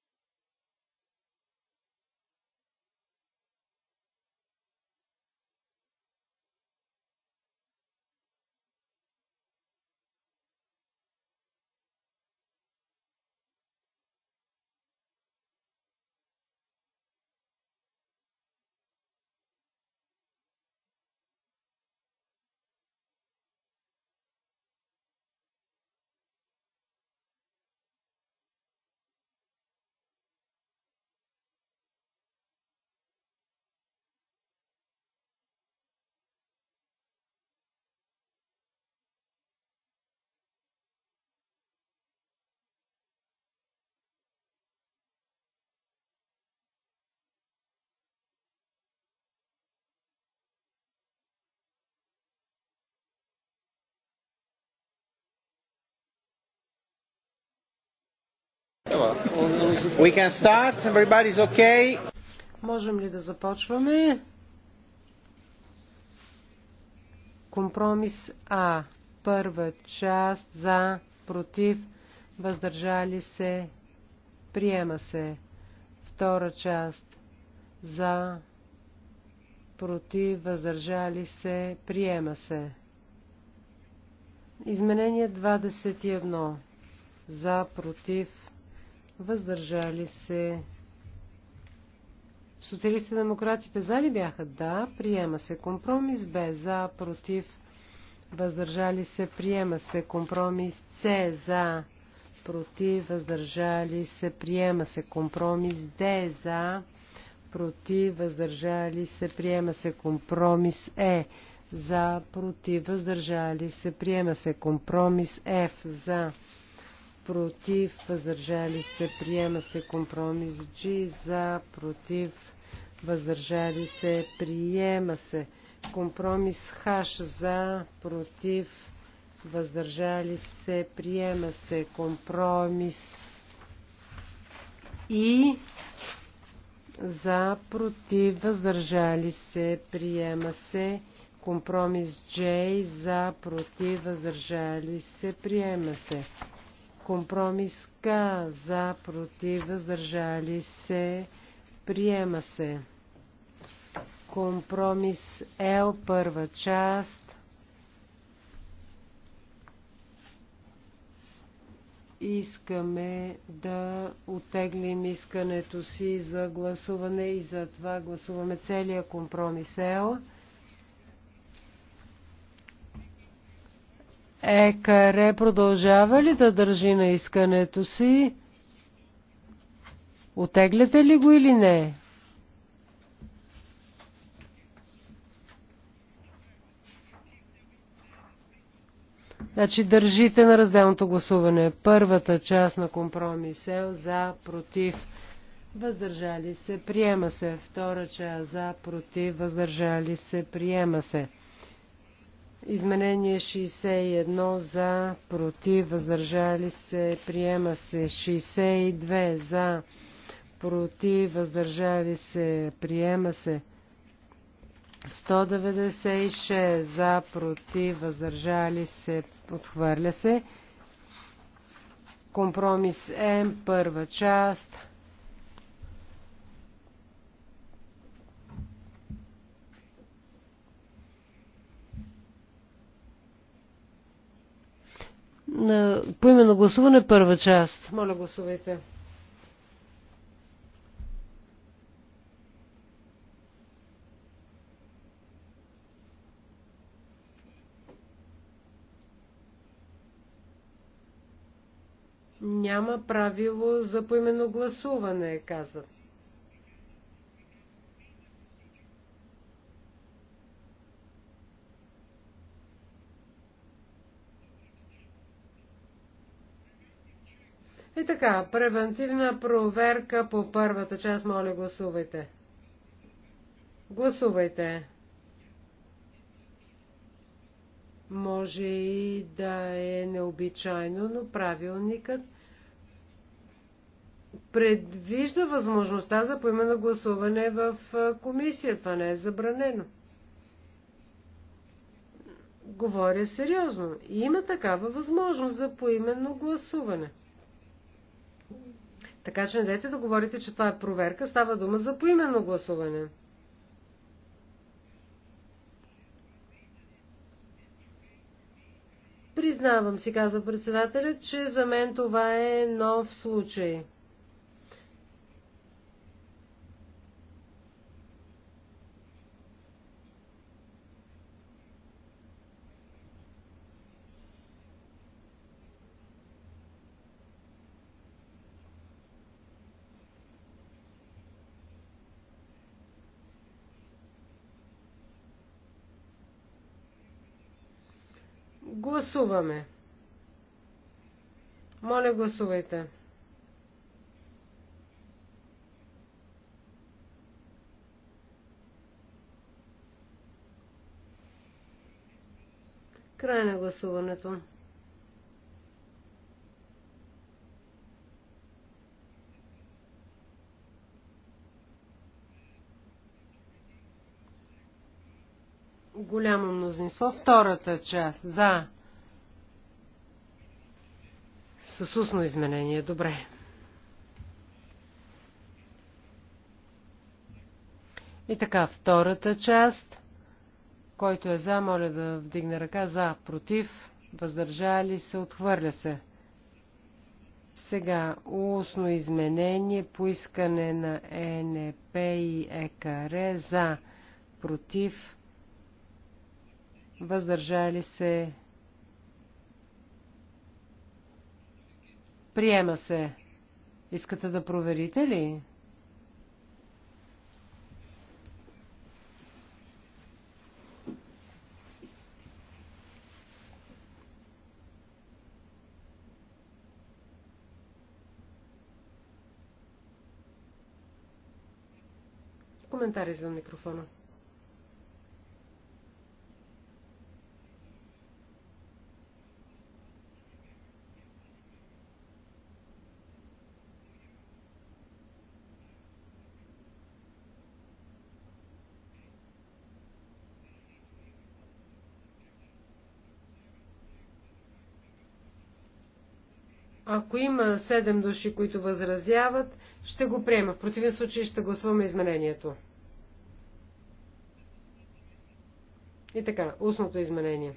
We can start. Everybody's okay. Можем ли да започваме? Компромис А. Първа част за, против, въздържали се, приема се. Втора част за, против, въздържали се, приема се. Изменение 21. За, против, въздържали се. Социалистите демократите за ли бяха? Да. Приема се компромис. Б. За. Против. Въздържали се. Приема се компромис. С. За. Против. Въздържали се. Приема се компромис. Д. За. Против. Въздържали се. Приема се компромис. Е. За. Против. Въздържали се. Приема се компромис. Ф. За против, въздържали се, приема се компромис G, за, против, въздържали се, приема се компромис H, за, против, въздържали се, приема се компромис и за, против, въздържали се, приема се компромис J, за, против, въздържали се, приема се. Компромис К за против въздържали се приема се. Компромис Л първа част искаме да отеглим искането си за гласуване и затова гласуваме целия компромис Ел. Екаре продължава ли да държи на искането си? Отегляте ли го или не? Значи държите на разделното гласуване. Първата част на компромис е за, против, въздържали се, приема се. Втора част за, против, въздържали се, приема се. Изменение 61 за, против, въздържали се, приема се. 62 за, против, въздържали се, приема се. 196 за, против, въздържали се, отхвърля се. Компромис М, първа част На поименно гласуване първа част. Моля гласувайте. Няма правило за поименно гласуване, казват. И така, превентивна проверка по първата част, моля гласувайте. Гласувайте. Може и да е необичайно, но правилникът предвижда възможността за поименно гласуване в комисия. Това не е забранено. Говоря сериозно. Има такава възможност за поименно гласуване. Така че не дайте да говорите, че това е проверка. Става дума за поименно гласуване. Признавам си, казва председателя, че за мен това е нов случай. Гласуваме. Моля, гласувайте. Край на гласуването. Голямо мнозинство. Втората част. За. С устно изменение, добре. И така, втората част. Който е за, моля да вдигне ръка. За, против, въздържали се, отхвърля се. Сега, устно изменение, поискане на ЕНП и ЕКР за, против, въздържали се, Приема се. Искате да проверите ли? Коментари за микрофона. Ако има седем души, които възразяват, ще го приема. В противен случай ще гласуваме изменението. И така, устното изменение.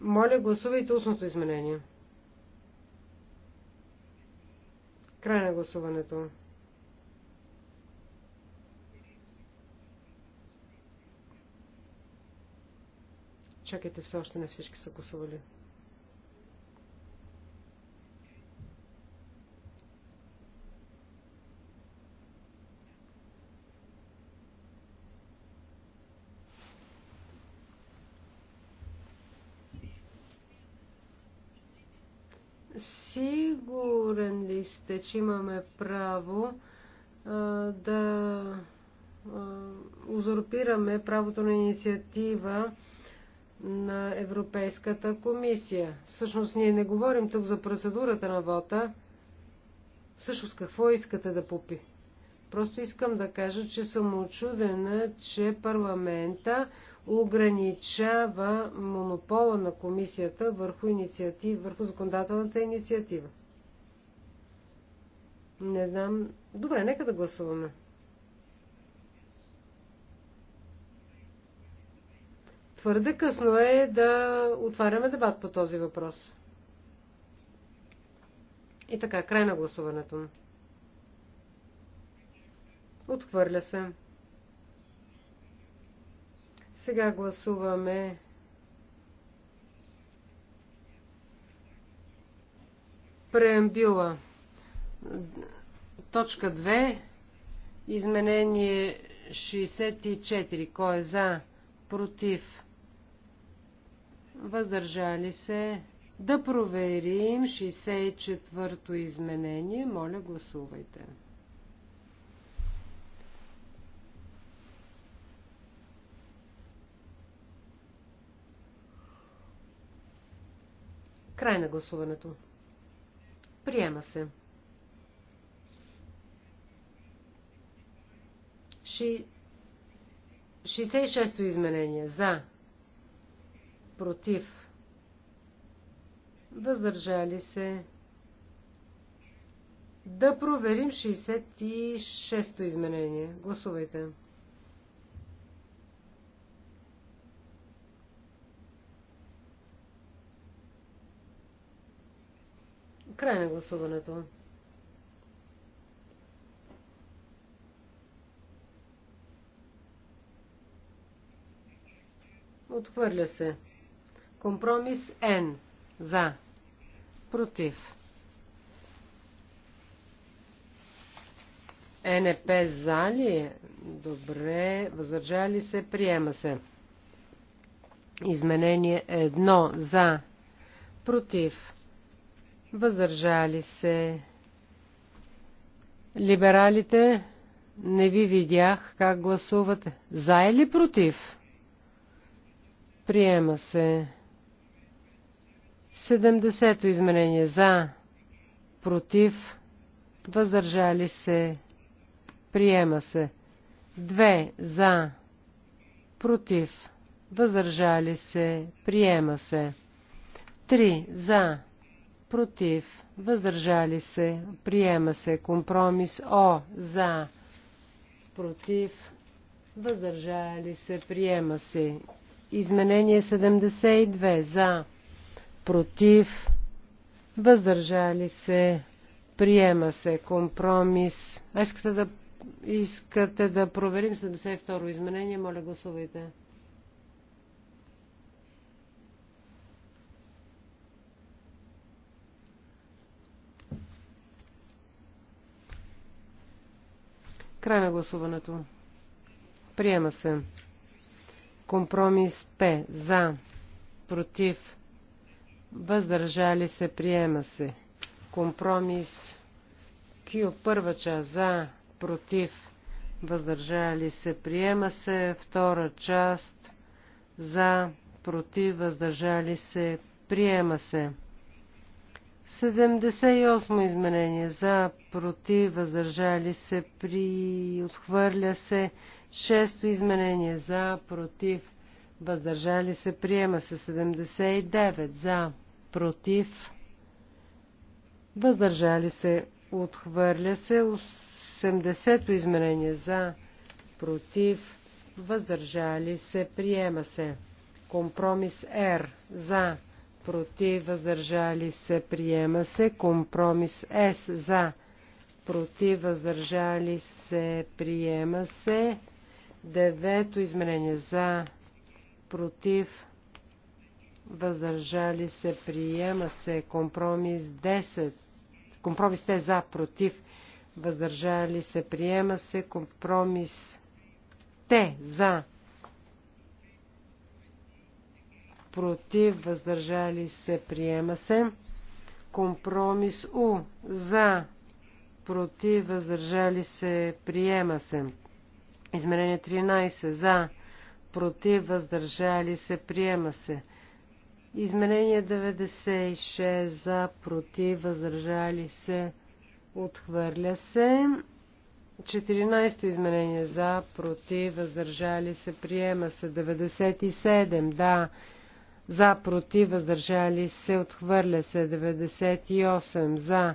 Моля, гласувайте устното изменение. Край на гласуването. Чакайте, все още не всички са гласували. сте, че имаме право а, да а, узурпираме правото на инициатива на Европейската комисия. Всъщност ние не говорим тук за процедурата на вота. Всъщност какво искате да попи? Просто искам да кажа, че съм очудена, че парламента ограничава монопола на комисията върху, инициатив, върху законодателната инициатива. Не знам. Добре, нека да гласуваме. Твърде късно е да отваряме дебат по този въпрос. И така, край на гласуването. Отхвърля се. Сега гласуваме преамбюла. Точка 2. Изменение 64. Кой е за? Против? Въздържали се? Да проверим 64-то изменение. Моля, гласувайте. Край на гласуването. Приема се. 66-то изменение. За. Против. Въздържали се. Да проверим 66-то изменение. Гласувайте. Край на гласуването. Отхвърля се. Компромис Н. За. Против. НП за ли? Е? Добре. Въздържали се. Приема се. Изменение 1. За. Против. Въздържали се. Либералите, не ви видях как гласувате. За или против? Приема се. 70-то изменение за, против, въздържали се, приема се. 2 за, против, въздържали се, приема се. 3 за, против, въздържали се, приема се. Компромис О за, против, въздържали се, приема се. Изменение 72 за, против, въздържали се, приема се компромис. А искате да, искате да проверим 72 изменение, моля гласувайте. Край на гласуването. Приема се. Компромис П. За. Против. Въздържали се. Приема се. Компромис Q. Първа част. За. Против. Въздържали се. Приема се. Втора част. За. Против. Въздържали се. Приема се. 78 изменение. За. Против. Въздържали се. При. Отхвърля се. Шесто изменение за, против, въздържали се, приема се 79 за, против, въздържали се, отхвърля се 80-то изменение за, против, въздържали се, приема се. Компромис Р за, против, въздържали се, приема се. Компромис С за, против, въздържали се, приема се. Девето изменение за, против, въздържали се, приема се компромис 10. Компромис те за, против, въздържали се, приема се компромис те за, против, въздържали се, приема се. Компромис У за, против, въздържали се, приема се. Измерение 13. За. Против. Въздържали се. Приема се. Измерение 96. За. Против. Въздържали се. Отхвърля се. 14 измерение за, против, въздържали се, приема се 97, да, за, против, въздържали се, отхвърля се 98, за,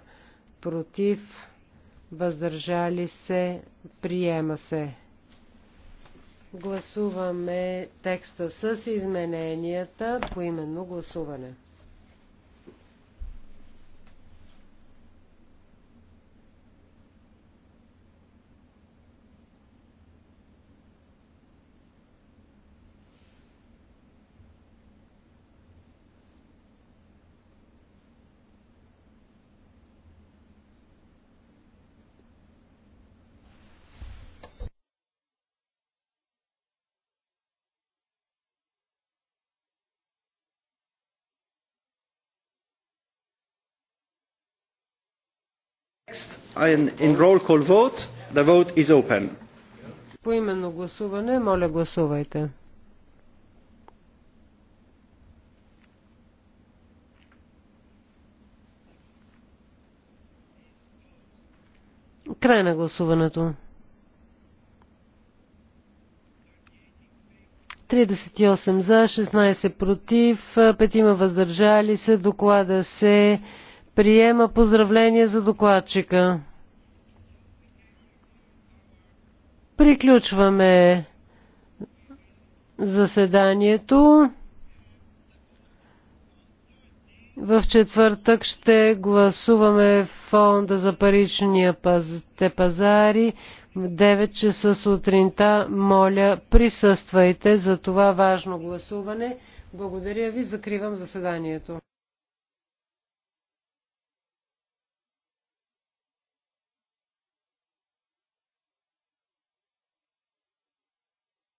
против, въздържали се, приема се Гласуваме текста с измененията по именно гласуване. roll call vote. The vote is open. Поименно гласуване, моля гласувайте. Край на гласуването. 38 за, 16 против, 5 въздържали се. Доклада се Приема поздравление за докладчика. Приключваме заседанието. В четвъртък ще гласуваме фонда за паричния паз... те пазари. В 9 часа сутринта, моля, присъствайте за това важно гласуване. Благодаря ви, закривам заседанието.